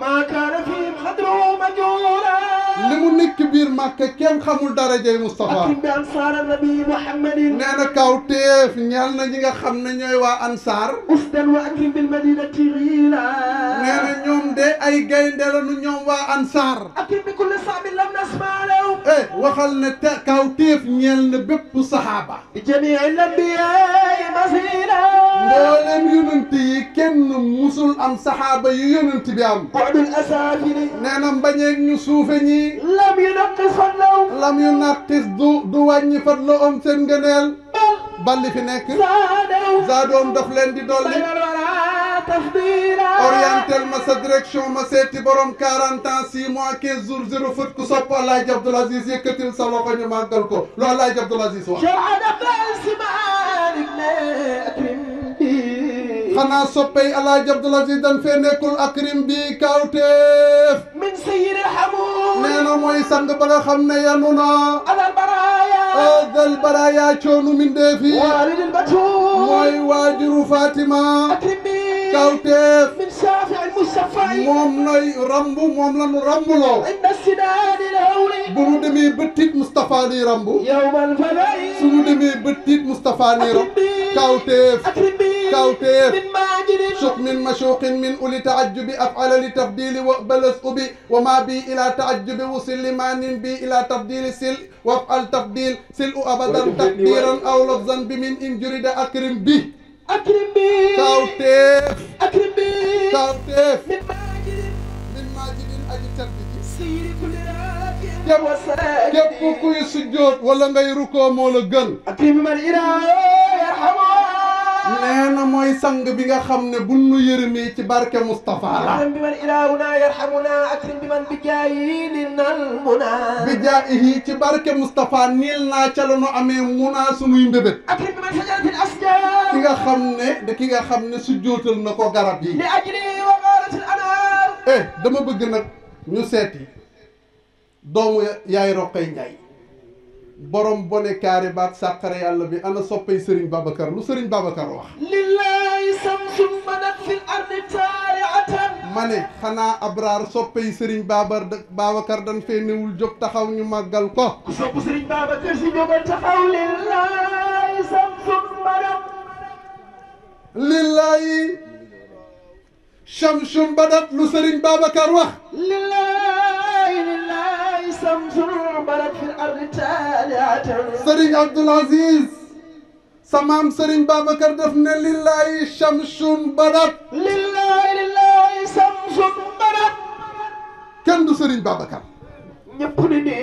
ما كان في خدر مجولا لمن كبير ما كان خمول درجة مصطفى أكن بأنصار النبي محمد نانا كاوتي في نيال نجيغا خمنا نيوي وأنصار أستن وأكن بالمدينة غيلا نانا نيوم دي أي جاين دي إيه، جميع الأنبياء مزيلا لولم baadul asaafili nee na mbañeeg ñu suufe ñii lam yu naqis fadlahum lam yu naqis du du wàññi fadlahum seen ngëneel ah. balli fi nekk zaadoom daf leen di dolli orientel ma sa direction ma seeti borom 40 ans 6 mois 15 jours zéro fët ku sopp Alaaji Abdoul Aziz yëkkatil sa loxo ñu màggal ko lu Alaaji Abdoul Aziz wax خنا صبي الله عبد العزيز في نيكول اكريم بي كاوتيف من سير الحمول نانا موي سانغ بغا خمنا يا نونا على البرايا هذا البرايا تشونو من ديفي والد البتول موي واجرو فاطمه اكريم بي كاوتيف من شافع المستشفى موم لاي رامبو موم لا نو رامبو لو عند السيدان الاولي بونو ديمي بتيت مصطفى لي رامبو يوم الفلاي سونو ديمي بتيت مصطفى لي رامبو كاوتيف اكريم بي كوتير شق من مشوق من أولي تعجب أفعل لتبديل وأبلس أسقبي وما بي إلى تعجب وصل لما بي إلى تبديل سل وأفعل تبديل سل أبدا تقديرا أو لفظا بمن إن جرد أكرم بي أكرم بي كوتير أكرم بي كوتير من ماجد من ماجد أجي تبديل سيري كل راكب وساجد كيف سجود ولا غيركم ولا أكرم من إله يرحمه نانا موي سانغ بيغا خامني بونو يرمي تي بركه مصطفى لا يرحم بمن الهنا يرحمنا اكرم بمن بجاهه لنا المنى بجاهه تي بركه مصطفى نيلنا تشالونو امي منى سموي مبيت اكرم بمن شجره الاشجار كيغا خامني دا كيغا خامني سجوتل نكو غرب يي لاجلي وغاره الانار ايه دما بغي نك ني سيتي دومو ياي روكاي نياي borom bone kaare baat sàqare yàlla bi ana soppay Serigne Babacar lu sëriñ Babacar wax. lillahi samsun madat fil ardi taariatan. ma ne xanaa abraar soppay Serigne Babar Babacar dañ fee newul jóg taxaw ñu màggal ko. ku sopp Serigne Babacar si jógal taxaw lillahi samsun madat. lillahi. Shamsun badat lu Serigne Babacar wax lillahi lillahi shamsun badat fil ardi taliatan Serigne Abdoul Aziz samaam Serigne Babacar def ne lillahi shamsun badat lillahi lillahi shamsun badat kenn du Serigne Babacar ñëpp ni ni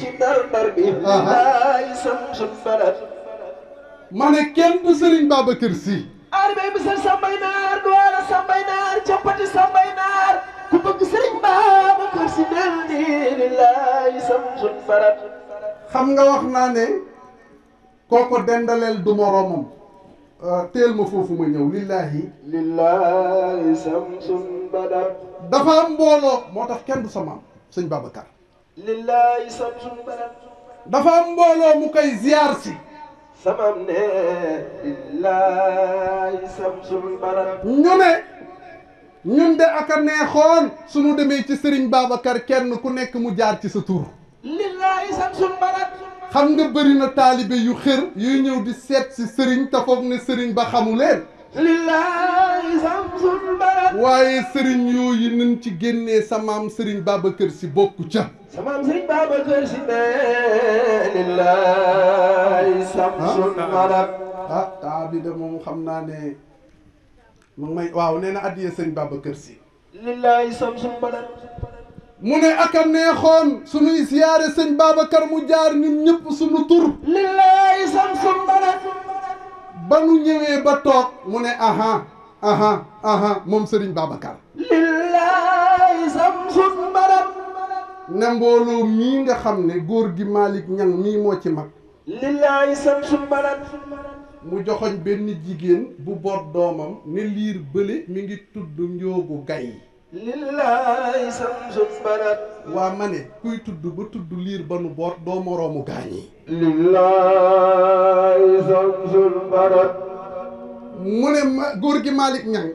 ci ndar ndar bi lillahi shamsun badat ma ne kenn du Serigne Babacar si aar xam nga naa ne kooko dendaleel euh, ma foofu ma ñëw dafa am mbooloo moo tax kenn du sa maam sëñ dafa am mbooloo mu koy ziyaar si samam ne lillahi samsul barat ñu ne ñun de aka neexoon suñu demee ci Serigne Babacar kenn ku nekk mu jaar ci sa tur lillahi samsul barat xam nga bëri na taalibe yu xër yuy ñëw di seet si Serigne te foog ne Serigne ba xamu leen lillahi samsul waaye Serigne yooyu nañ ci génnee sa maam Serigne Babacar si bokku ca sa samsun ah? malak ah, moom xam naa ne mu waaw nee na addiye sëñ Babacar Si lillahi mu ne ak a neexoon suñuy siyaare sëñ Babacar mu jaar ñun ñëpp suñu tur lillahi samsun malak ba nu ñëwee ba toog mu ne aha aha aha moom sëriñ Babacar lillahi samsun malak ne mbooloo mii nga xam ne góor gi Malick Ñang mii moo ci mag lillaay samsu balat mu joxoñ benn jigéen bu boot doomam ne liir bële mi ngi tudd njoogu gay lillaay samsu balat waa ma ne kuy tudd ba tudd liir ba nu boot doo moroomu gaañi lillaay samsu balat mu ne góor gi Malick Ñang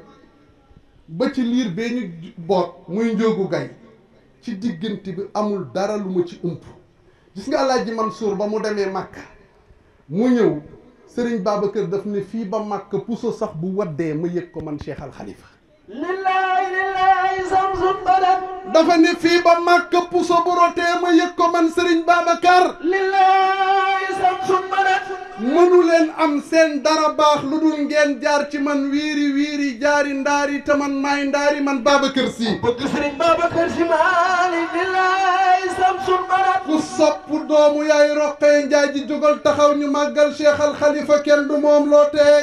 ba ci liir bee ñu boot muy njoogu gay ci diggante bi amul dara lu ma ci ump gis nga Alaaji Mansour ba mu demee Màkka mu ñëw Sëriñ Babacar daf ne fii ba màkk puso sax bu waddee ma yëg ko man Cheikh Al Khalifa lillaay lillaay samsun badat dafa ne fii ba màkka puso bu rotee ma yëg ko man Serigne Babacar lillaay samsun badat mënu leen am seen dara baax lu dul ngeen jaar ci man wiiri wiiri jaari ndaari te man maay ndaari man Babacar Sy bëgg Serigne Babacar Sy maali lillaay samsun badat ku sopp doomu yaay roqee njaay ji jógal taxaw ñu màggal Cheikh Al Khalifa kenn du moom loo tee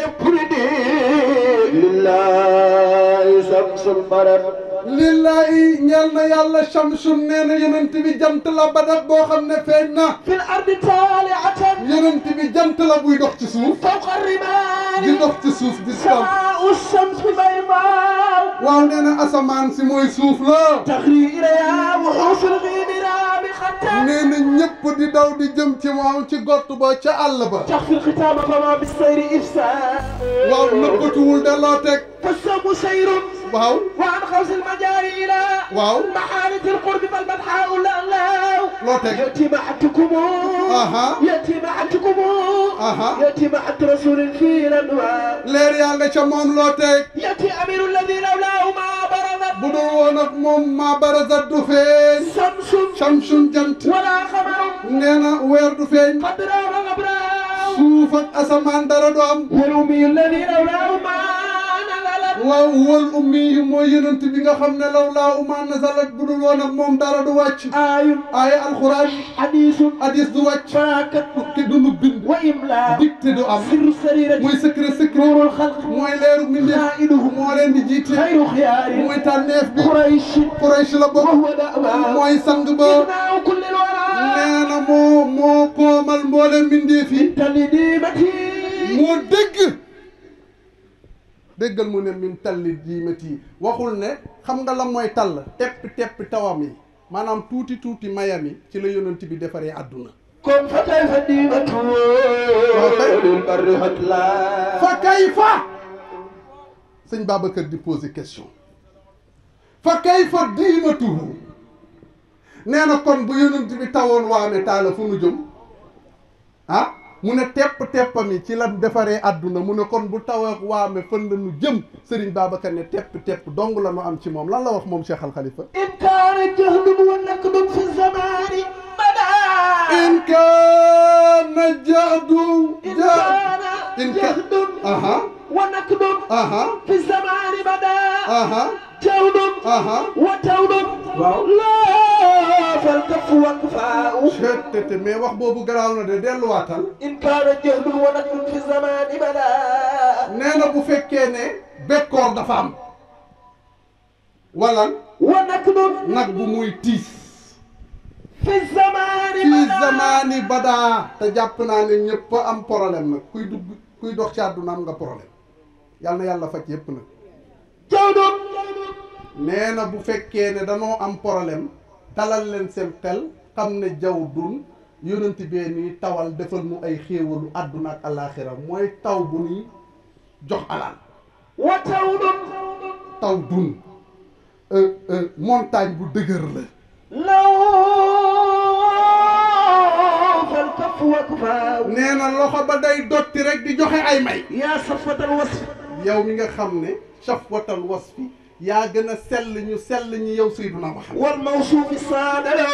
lillahi samsul barad lillahi ñeel na yàlla samsun nee na yonent bi jant la badat boo xam ne feeñ na fil ardi taaliatan yonent bi jant la buy dox ci suuf fawqa rimaani di dox ci suuf di sam ussamsi baydaa waaw nee na asamaan si mooy suuf la taxri ilaya wuxuusul xidiraabi xatta nee na ñëpp di daw di jëm ci moom ci gott ba ca àll ba taxfil xitaaba fama bisayri ifsa waaw nëbbatuwul da loo teg fasamu sayrun waaw waan xaw sil majaari la waaw maxaaritil qurbi bal madxaa u la laaw loo teg yati maxatukumu yati maxatukumu yati maxat rasulin fi lanwa leer yaa nga ca moom loo teg yati amiru ladina laaw maa barazat bu dul woon ak moom maa barazat du feeñ samsun samsun jant wala xamaru nee na weer du feeñ xadraama abraaw suuf ak asamaan dara du am yelumi ladina laaw maa waaw wal ummi yi mooy yonent bi nga xam ne law laa umaa nazalat bu dul woon ak moom dara du wàcc aayun aaya alxuraan hadiisun hadiis du wàcc faakat te dunu bind wa imla dicté du am sirru sarira mooy secret secret nuurul xalq mooy leeru mi ndef iduhu moo leen di jiite xayru xiyaari mooy tànneef bi Quraysh Quraysh la bokk mooy sang ba nee na moo moo koomal mboolem mbindeef yi moo dëgg déggal mu ne min talli diimati waxul ne xam nga la mooy tall teppi teppi tawam yi maanaam tuuti tuuti mayam yi ci la yonent bi defaree àdduna kon fa kay fa diimatu fa kay fa sëñ Babacar di poser question fa kay fa diimatu nee na kon bu yonent bi tawoon waame taala fu nu jëm ah? mu ne tepp teppam yi ci la defaree àdduna mu ne kon bu taw ak waame la nu jëm Serigne Babacar ne tepp tepp dong la nu am ci moom lan la wax moom seexal Al Khalifa inkaara jëxlu bu wa nakdum fi zamaani إن كان جهد جهد إن كان أها ونكد أها في الزمان بدا أها جود أها وتود لا فالكف والكفاء شتت مي واخ بوبو غراو نا دي ديلو واتال إن كان جهد ونكد في الزمان بدا نانا بو فكيه ني بكور دا فام ولا ونكد نك بو موي تيس fi zamaani badaa fi te jàpp naa ne ñëpp am problème nag kuy dugg kuy dox ci àdduna am nga problème yàlla yàlla faj yëpp nag. Jawdo na bu fekkee ne danoo am problème dalal leen seen xel xam ne jawdun yonent bee nii tawal defal mu ay xéewalu àdduna ak alaaxira mooy taw bu nuy jox alal. taw dun taw euh, euh, montagne bu dëgër la. nee na loxo ba day dotti rek di joxe ay may. yaa safwatal wasfi. yow mi nga xam ne safwatal wasfi yaa gën a sell ñu sell ñi yow Seydina Muhammad. wal mawsuufi saadalo.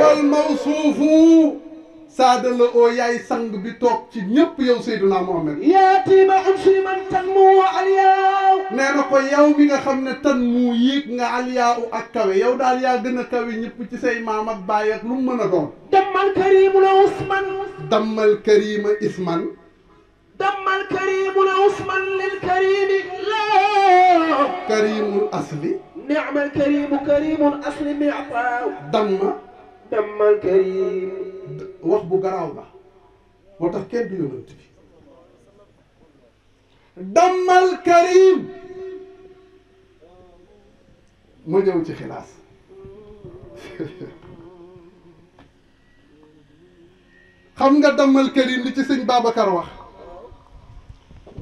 wal mawsuufu. saada la oo yaay sang bi toog ci ñëpp yow Seydina Mohamed. yaati ma am si man tan mu aliyaaw. nee na ko yow mi nga xam ne tan mu yéeg nga aliyaaw ak kawe yow daal yaa gën a kawe ñëpp ci say maam baay ak lu mën a doon. dammal karimu la usman. dammal karima isman. dammal karimu la usman lil karimi la. karimul asli. ni'mal karimu karimul asli mi'taaw. damma. dammal karim. wax bu garaw la motax kenn du yonent bi damal karim mo ñëw ci xilaas xam nga damal karim li ci seigne babakar wax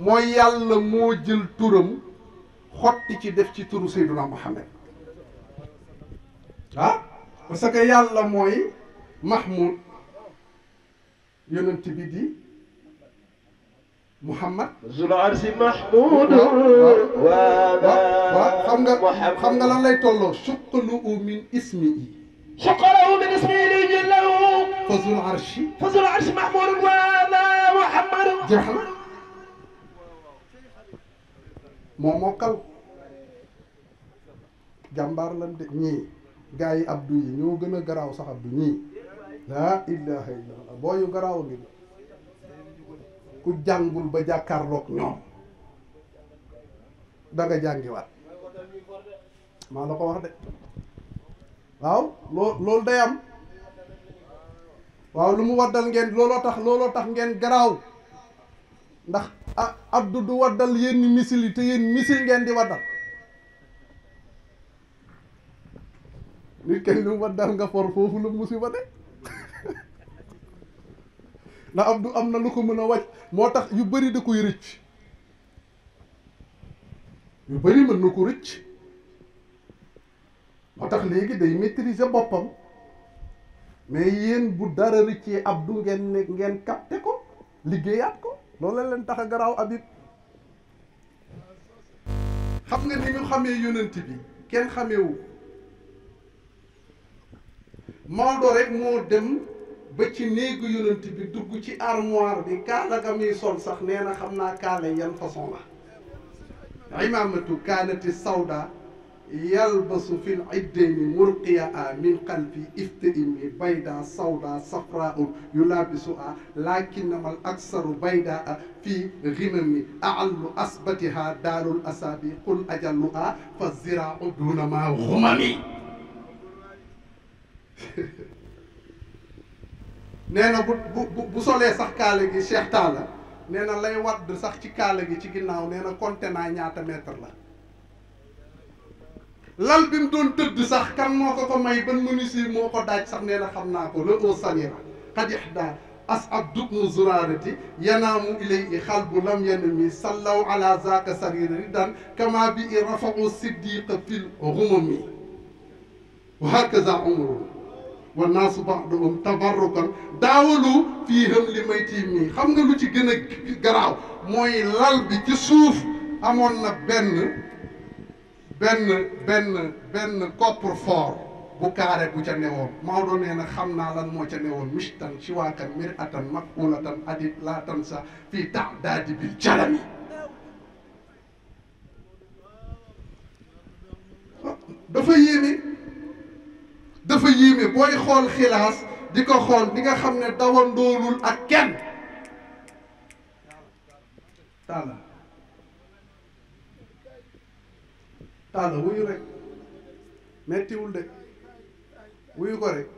moy yàlla mo jël turum xotti ci def ci turu sayyiduna Muhammad ah parce que yàlla mooy Mahmoud yonent bi di Mouhamad. Zul Arsi Mahmoud. waaw xam nga xam nga lan lay tolloo. suqalu min ismihi. suqalu min ismihi li jëlaw. fa Zul Arsi. fa Zul Arsi Mahmoud waala Mouhamad. jeex na moom moo kal jàmbaar lan de ñii gars yi abdu yi ñoo gën a garaaw sax abdu ñii laa ilaha illallah. boyu yu ngi ku jangul ba ak ñom da nga wat ma la ko wax de waaw loo day am waaw lu mu wadal ngeen lolo tax lolo tax ngeen garaaw ndax Abdou du waddal yenn misil te yeen misil ngeen di wadal nit kenn lu wadal nga for fofu lu musiba de na am du am na lu ko mën a wàcc moo tax yu bari da koy rëcc yu bëri mën na ko rëcc moo tax léegi day maîtriser boppam mais yéen bu dara rëccee ab du ngeen ne ngeen capté ko liggéeyaat ko loolu leen tax a garaaw abib xam nga ni ñu xamee yonent bi kenn xameewu Maodo rek moo dem ci neegu yonent bi dugg ci armoire bi kala ga mi sol sax neena xamna يلبس في العدين مرقيا من قلب افتئم بيضا سوداء صفراء يلابسها لكنما الاكثر بيضاء في غمم اعل اثبتها دار الاسابي قل اجلها فالزراع دون ما غمم nee na bu bu bu solee sax kaala gi Cheikh Talla nee na lay wadd sax ci kaala gi ci ginnaaw nee na compté naa ñaata mètre la lal bi mu doon tëdd sax kan moo ko ko may ban menuisier moo ko daaj sax nee na xam naa ko le au sanira xad ixda as ab dubnu zurarati yanaamu ilayhi xalbu lam yanami sallaw ala zaka sarira ridan kama bi i rafau siddiqa fil xumami wa hakaza umru wa naasu ba'duhum tabarrukan daawalu fiihim li maytihim nii xam nga lu ci gën a garaaw mooy lal bi ci suuf amoon na benn benn benn benn coffre-fort bu carré bu ca newoon Maodo nee na xam naa lan moo ca newoon mishtan shiwaakan mir'atan maqulatan adib laa tansa fii ta'daadi bil jalami dafa yéeme dafa yéeme booy xool xilaas di ko xool di nga xam ne dawandoolul ak kenn taala taala wuyu rek mettiwul de wuyu ko rek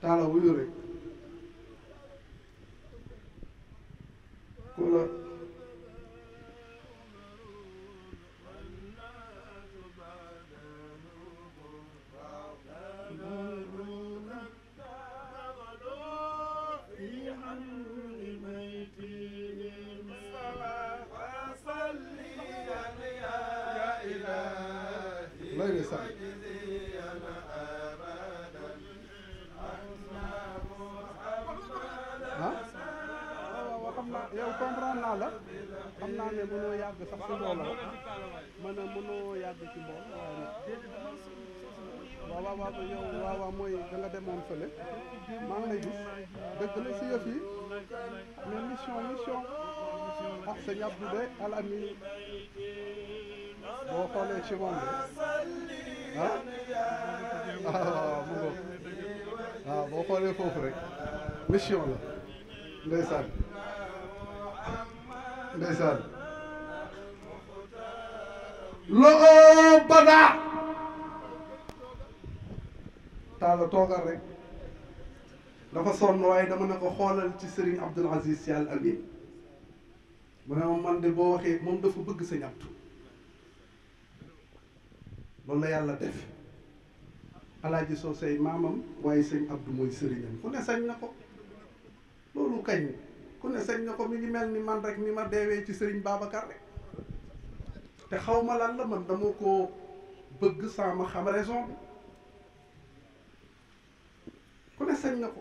taala wuyu rek ku la naa naa ne mënoo yàgg sax si mbooloo ci mbooloo waaye nag waaw waaw mission mission ak ah, sëñ Abdou de al boo xoolee ci moom de ah waaw ah, ah, waaw boo xoolee foofu rek mission la ndeysaan ndeysaan loo bada taala toogal rek dafa sonn waaye dama ne ko xoolal ci Serigne Abdoul Aziz Sy Al Amin mu ne ma man de boo waxee moom dafa bëgg sa ñaxtu loolu la yàlla def alaaji soo say maamam waaye sëñ Abdou mooy sëriñam fu ne sañ na ko loolu kañ ku ne sañ na ko mi ngi mel ni man rek ni ma deewee ci sëriñ Babacar rek te xaw ma lan la man dama ko bëgg sama xam raison bi ku ne sañ na ko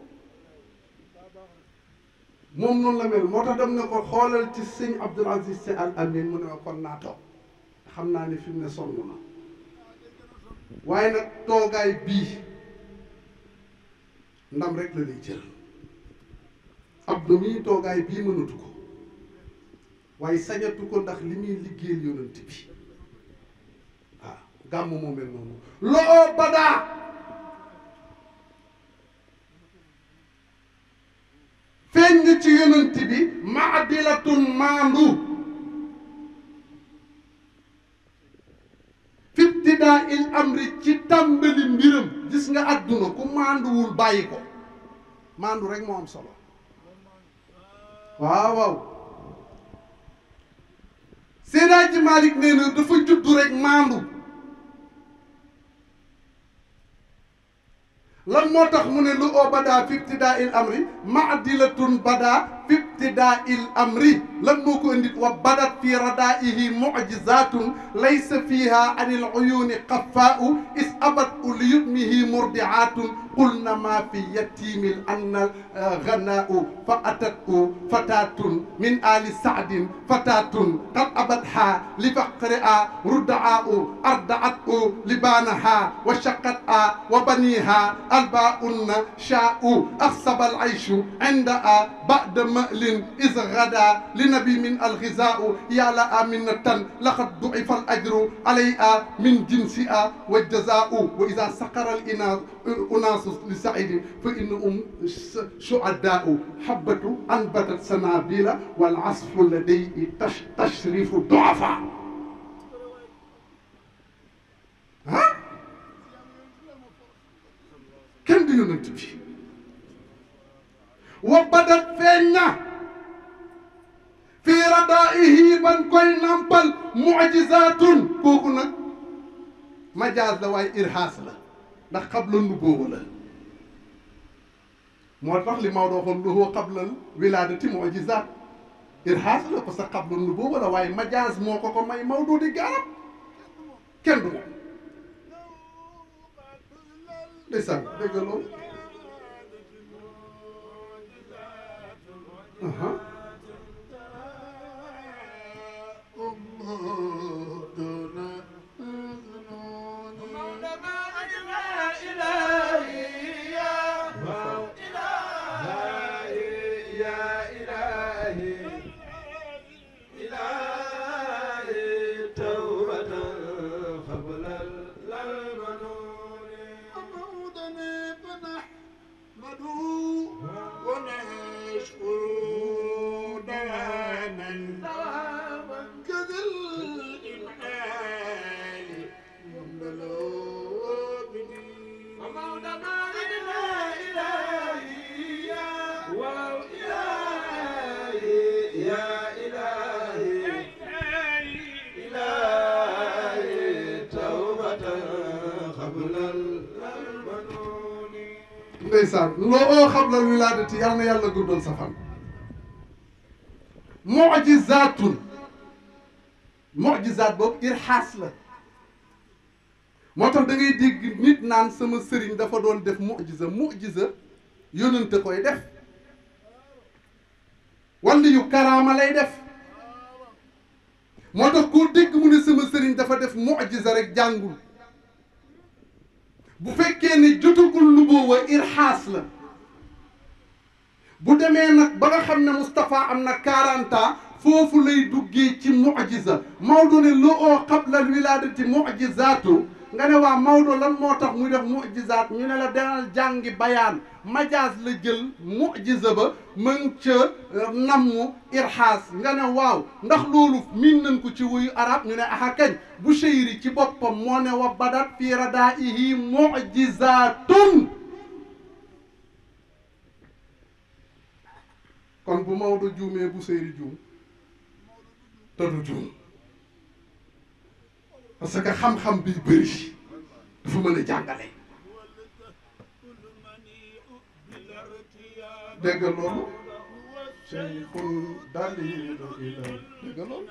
moom noonu la mel moo tax dem na ko xoolal ci sëñ Abdoul Aziz Al Amin mu ne ma kon naa xam naa ni fim mu ne sonn na waaye nag toogaay bii ndam rek la lay jël ab ba muy toogaay bii mënatu ko waaye sañatu ko ndax li muy liggéeyal yonent bi gàmm moo mel loo badaa feeñ nga ci yonent bi maadilatun maandu fibtidaa il amri ci tàmbali mbiram gis nga àdduna ku maanduwul bàyyi ko maandu rek moo am solo waaw waaw Seydaaji Malick nee dafa juddu rek maandu lan moo tax mu ne lu oo badaa fibtidaa il amri maadilatun badaa في ابتداء الامر لم يكن وبدت في ردائه معجزات ليس فيها عن العيون قفاء اسابت ابت ليدمه مرضعات قلن ما في يتيم الان آه، غناء فاتته فتاه من ال سعد فتاه قد ابتها لفقرها ردعاء اردعته لبانها وشقت وبنيها الباء شاء اخصب العيش عندها بعد ما مأل إذ غدا لنبي من الغذاء يا لا من آمنة لقد ضعف الأجر عليها من جنسها والجزاء وإذا سقر الإناث أناس لسعيد فإنهم شعداء حبة أنبتت سنابل والعصف لديه تشريف ضعفاء ها؟ كم ديون انت وبدت فينا في ردائه بنكوي نمبل معجزات كوكونا مجاز لواي إرهاس لا دا قبل النبوة لا موتاخ لي ماو دوخون هو قبل ولادتي معجزات إرهاس لا بس قبل النبوة لا واي مجاز موكو كو ماي ماو دودي غارب كين دو ليسان ديغلو Uh-huh. ndeysaan loo oo xam la wilaadati yal na yàlla guddal sa fan mucjizaatun mucjizaat boobu irxaas la moo tax da ngay dégg nit naan sama sëriñ dafa doon def mucjiza mucjiza yónnante koy def walla yu karaama lay def moo tax koo dégg mu ne sama sëriñ dafa def mucjiza rek jàngul bu fekkee ne jotagul nubuwa irxaas la bu demee nag ba nga xam ne Moustapha am na 40 ans foofu lay duggee ci mujiza Maodo ne lu oo qabla al wilaadati mujizaatu nga ne waa Maodo lan moo tax muy def mujizaat ñu ne la demal jàngi bayaan majaas la jël mujiza ba mën ca euh, nammu irxaas nga ne waaw ndax loolu miin nañ ko ci wuyu arab ñu ne aha kañ bu sheyri ci boppam moo ne wa badat fii radaihi mujizaatun kon bu Maodo juumee bu seyri juum te du juum parce que xam-xam bi bëri dafa mën a jàngale dégg nga loolu cheikhul dalilu ila dégg nga loolu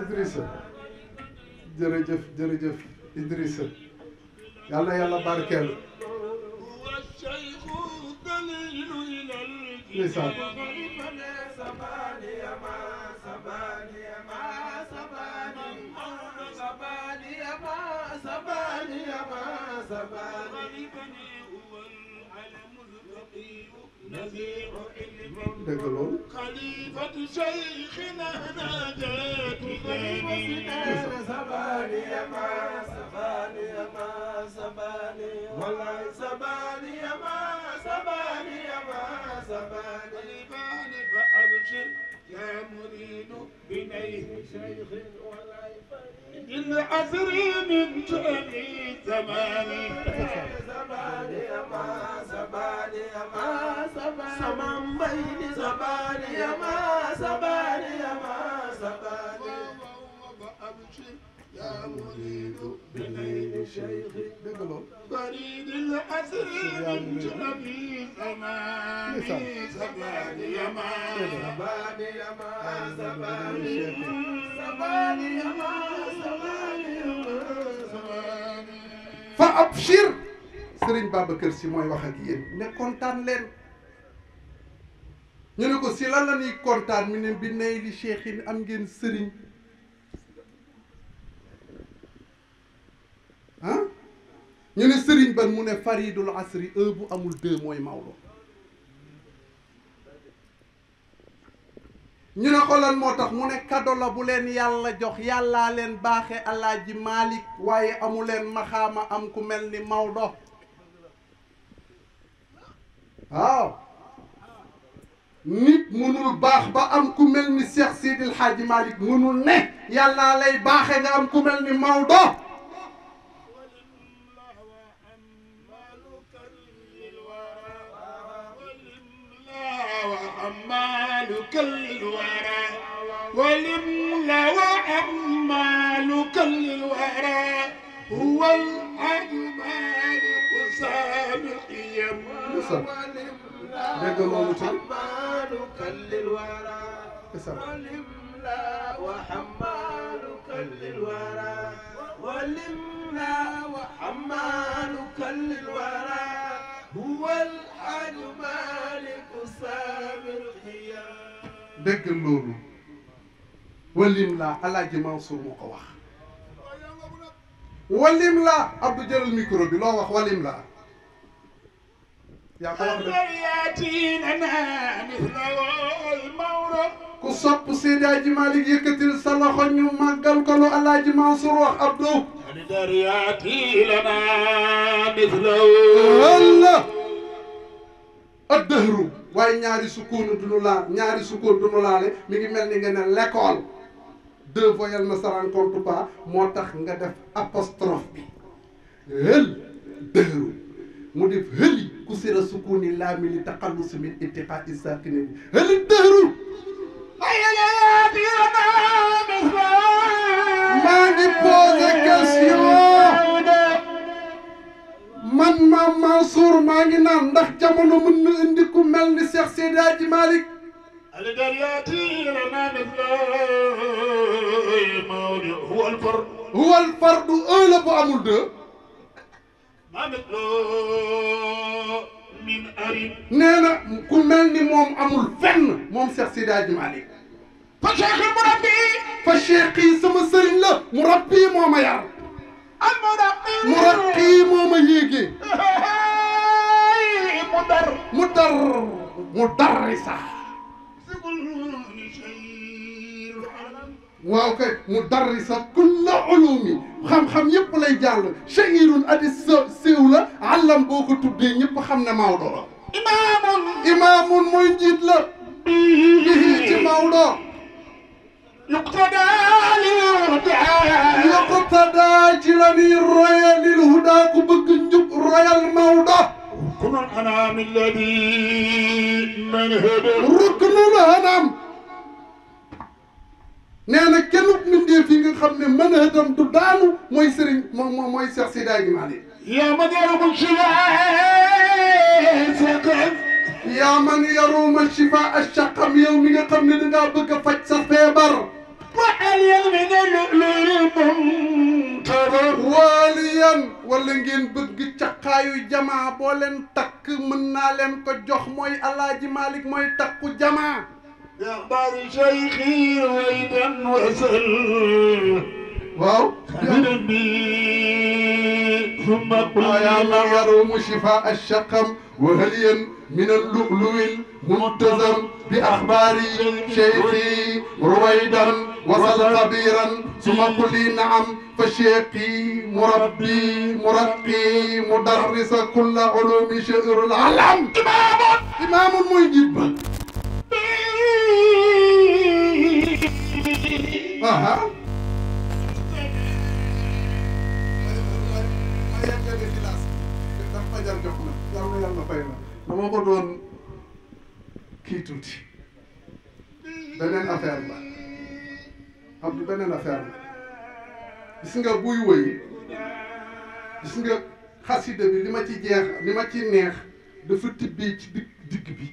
Idrissa jërëjëf jërëjëf Idrissa yàlla yàlla barkeel ndeysaan dëgg loolu xalifatu cheikhina najatu sabani ma sabani ma sabani wallahi sabani لا مريد بنيه شيخ ولا يفريد للأسري من جميع زماني زماني ما زماني ما زماني سمام بين زماني ما زماني ما زماني وأبشر يا مريد بغير شيخ بريد العسر من جنبي زماني زماني يما زماني يما زماني زماني يما زماني يما فأبشر Serigne Babacar Sy mooy wax ak yéen ne kontaan leen ñu ne ko si lan la ñuy kontaan mi ne bi nay li cheikhin am ngeen Serigne ah ñu ne sëriñ ban mu ne faridul asri un bu amul deux mooy mawlo ñu ne ko lan moo tax mu ne kado la bu leen yàlla jox yàllaa leen baaxe alaaji malik waaye amu leen maxaama am ku mel ni Maodo waaw nit mënul baax ba am ku mel ni Cheikh Sidil Hadji malik mënul ne yàllaa lay baaxe nga am ku mel ni Maodo وأعمالك للورى ولملا وأعمالك للورى هو الأجمال قسام القيم وأعمالك للورى ولملا وحمالك للورى ولملا وحمالك للورى هو الحج مالك سامي dégg loolu walim laa alaaji Mansour moo ko wax walim laa Abdou jëlal micro bi loo wax walim laa yaa ko wax de ku sopp Seydi Aji Malick yëkkatil sa loxo ñu màggal ko lu alaaji Mansour wax Abdou درياتي لنا مثله الدهر waaye ñaari sukkoon duñu laal ñaari sukkoon duñu laale mi ngi mel ni nga ne l'école deux voyelles ne se moo tax nga def apostrophe bi hël dëru mu def hëli kusira sukkooni laami li taqallus min ittiqaa isaakini bi hëli dëru maa ngi posé question man maam Mansour maa ngi naan ndax jamono mën ku mel ni Cheikh Seydi Hadji Malick huwa al fardu un la bu ku mel ni moom amul fenn moom Cheikh Seydi Hadji fa cheikh mu rabbi fa cheikh mu rabbi moo ma mu raqi moo mu dar mu dar mu darri mu darri sax kulla ulumi xam-xam yëpp lay jàll shahirun adi séw la àllam boo xam ne Maodo la imaamun imaamun mooy njiit la ci Maodo يقتدى للهدى يقتدى جلبي الريال للهدى كبك نجب الريال موضة ركن الأنام الذي من هدى ركن الأنام nee na kenn min dee fi nga xam ne mën a dem du daanu mooy sëriñ moom moom mooy Cheikh Sidi Hadji Malick yaa man yaruma shifa yaa man yaruma shifa ashaqam yow mi nga xam ne dangaa bëgg a faj sa feebar وعليا من اللؤلؤ منكر waaliyan wala ngeen bëgg caqaayu jamaa boo leen takk mën naa leen ko jox mooy alaaji Malick mooy takku شيخي ويدا وسل واو خبرني ثم قل يا يروم شفاء الشقم وهليا من اللؤلؤ المنتظم بأخبار شيخي رويدا وصل خبيرا ثم قل لي نعم فشيقي مربي مرقي مدرس كل علوم شعر العالم إمام إمام مجيب أها dama ko doon kii tuuti beneen affaire la am du beneen affaire la gis nga buy woy gis xasida bi li ma ci jeex li ma ci neex dafa tibbee ci digg digg bi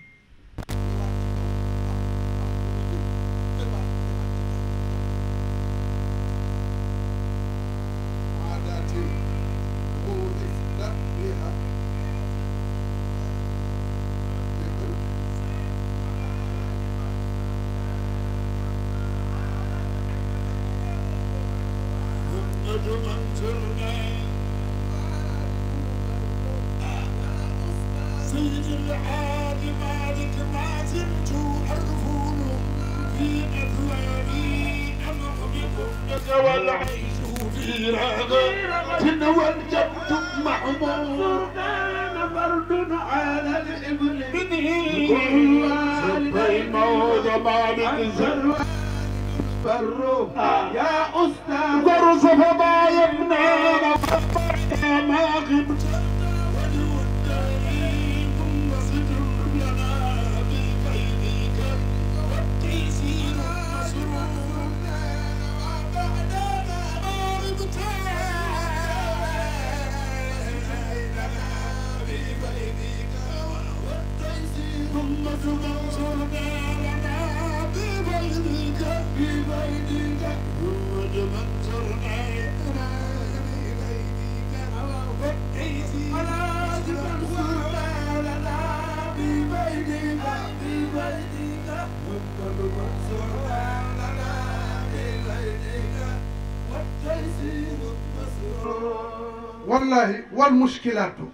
muskilaatu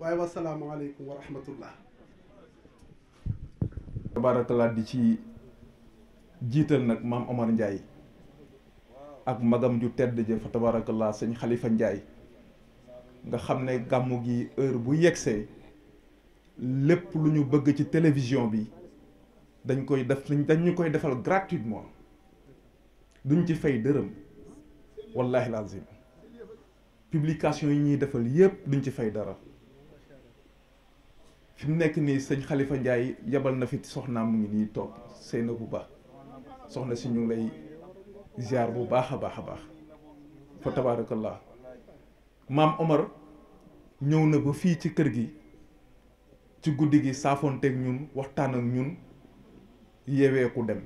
waaye wasalaamaaleykum wa rahmatullah tabaarakalaat di ci jiital nag maam Omar Ndiaye ak magam ju tedd ja fa tabaarakallaa sëñ Xalifa Ndiaye nga xam ne gàmmu gi heure bu yegsee lépp lu ñu bëgg ci télévision bi dañ koy def dañ ñu koy defal gratuitement duñ ci fay dërëm wallahi lazim publication yi ñuy defal yépp duñ ci fay dara fi mu nekk nii sëñ xalifa njaay yabal na fi soxnaam mu ngi nii toog seen bu baax soxna si ñu lay ziar bu baax a baax a baax fa tabaarakallah maam Omar ñëw na ba fii ci kër gi ci guddi gi saafoonteeg ñun waxtaan ak ñun yeeweeku dem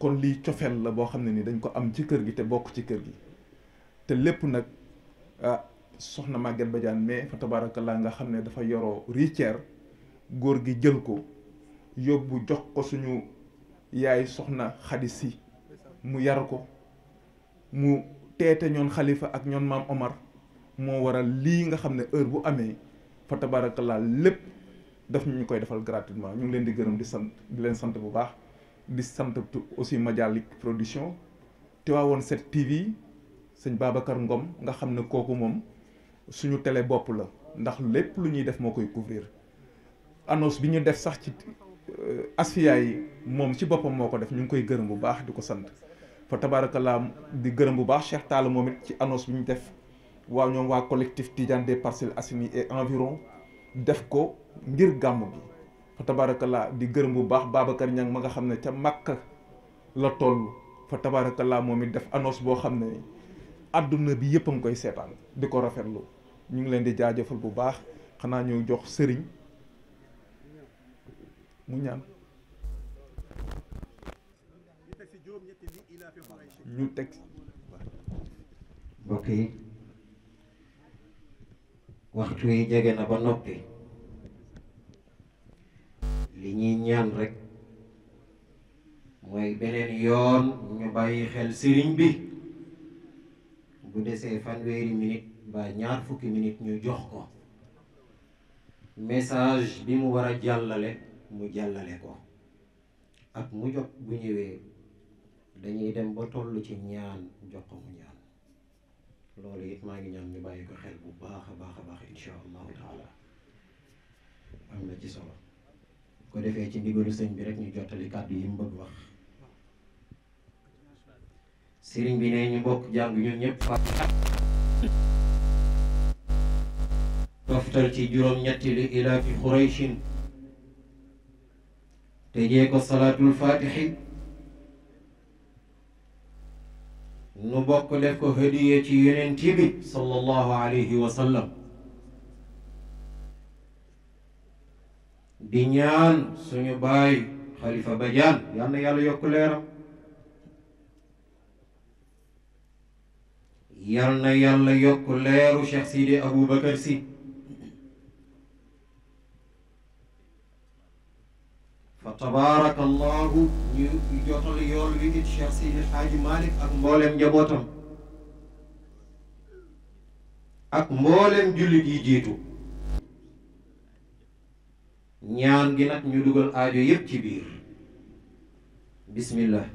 kon lii cofeel la boo xam ne ni dañ ko am ci kër gi te bokk ci kër gi te lépp nag. ah soxna Maguette Badiane mais fa tabaarakallaa nga xam ne dafa yoroo riceer góor gi jël ko yóbbu jox ko suñu yaay soxna Xadi Si mu yar ko mu teete ñoon xalifa ak ñoon maam Omar moo waral lii nga xam ne heure bu amee fa tabaarakallaa lépp daf ñu koy defal gratuitement ñu ngi leen di gërëm di sant di leen sant bu baax di sant aussi Madialic production Tivaouane 7 TV sëñ Babacar Ngom nga xamne koku mom suñu télé bop la ndax lepp lu ñuy def moo koy couvrir annonce bi ñu def sax ci euh, asfiya yi mom ci bopam moko def ñu ngi koy gërëm bu baax diko sante fa tabarakallah di gërëm bu baax Cheikh tall momit ci annonce bi ñu def wa ñom wa collectif Tidiane des Parcelles asmi et environ def ko ngir gamu bi fa tabarakallah di gërëm bu baax Babacar ñang ma nga xamne ca Makka la tollu fa tabarakallah momit def annonce bo xamne àdduna bi yëpp a ngi koy seetaan di ko rafetlu ñu ngi leen di jaajëfal bu baax xanaa ñu jox sëriñ mu ñaan ñu teg mbokk yi waxtu yi jege na ba noppi li ñuy ñaan rek mooy beneen yoon ñu bàyyi xel sëriñ bi bu desee fanweeri minute ba ñaar fukki minute ñu jox ko message bi mu war a jàllale mu jàllale ko ak mu jot bu ñëwee dañuy dem ba toll ci ñaan jox ko mu ñaan loolu it maa ngi ñaan ñu bàyyi ko xel bu baax a baax a baax insha allahu taala am na ci solo ko defee ci ndigalu sëñ bi rek ñu jottali kàddu yi mu wax sëriñ bi ne ñu bokk jàng ñun ñëpp fa toftal ci juróom ñetti li ilaafi xurayshin te jee ko salaatul faatixi nu bokk def ko hadiya ci yonent bi sallallahu alayhi di ñaan suñu baay xalifa bajaan yal na yàlla yokk leeram yal na yàlla yokk leeru Cheikh Sidi Aboubacar Sy fa tabaraka allahu ñu jotal yool wi it Cheikh Sidi Xaaji Malick ak mboolem njabootam ak mboolem jullit yi jiitu ñaan gi nag ñu dugal aajo yépp ci biir bismillah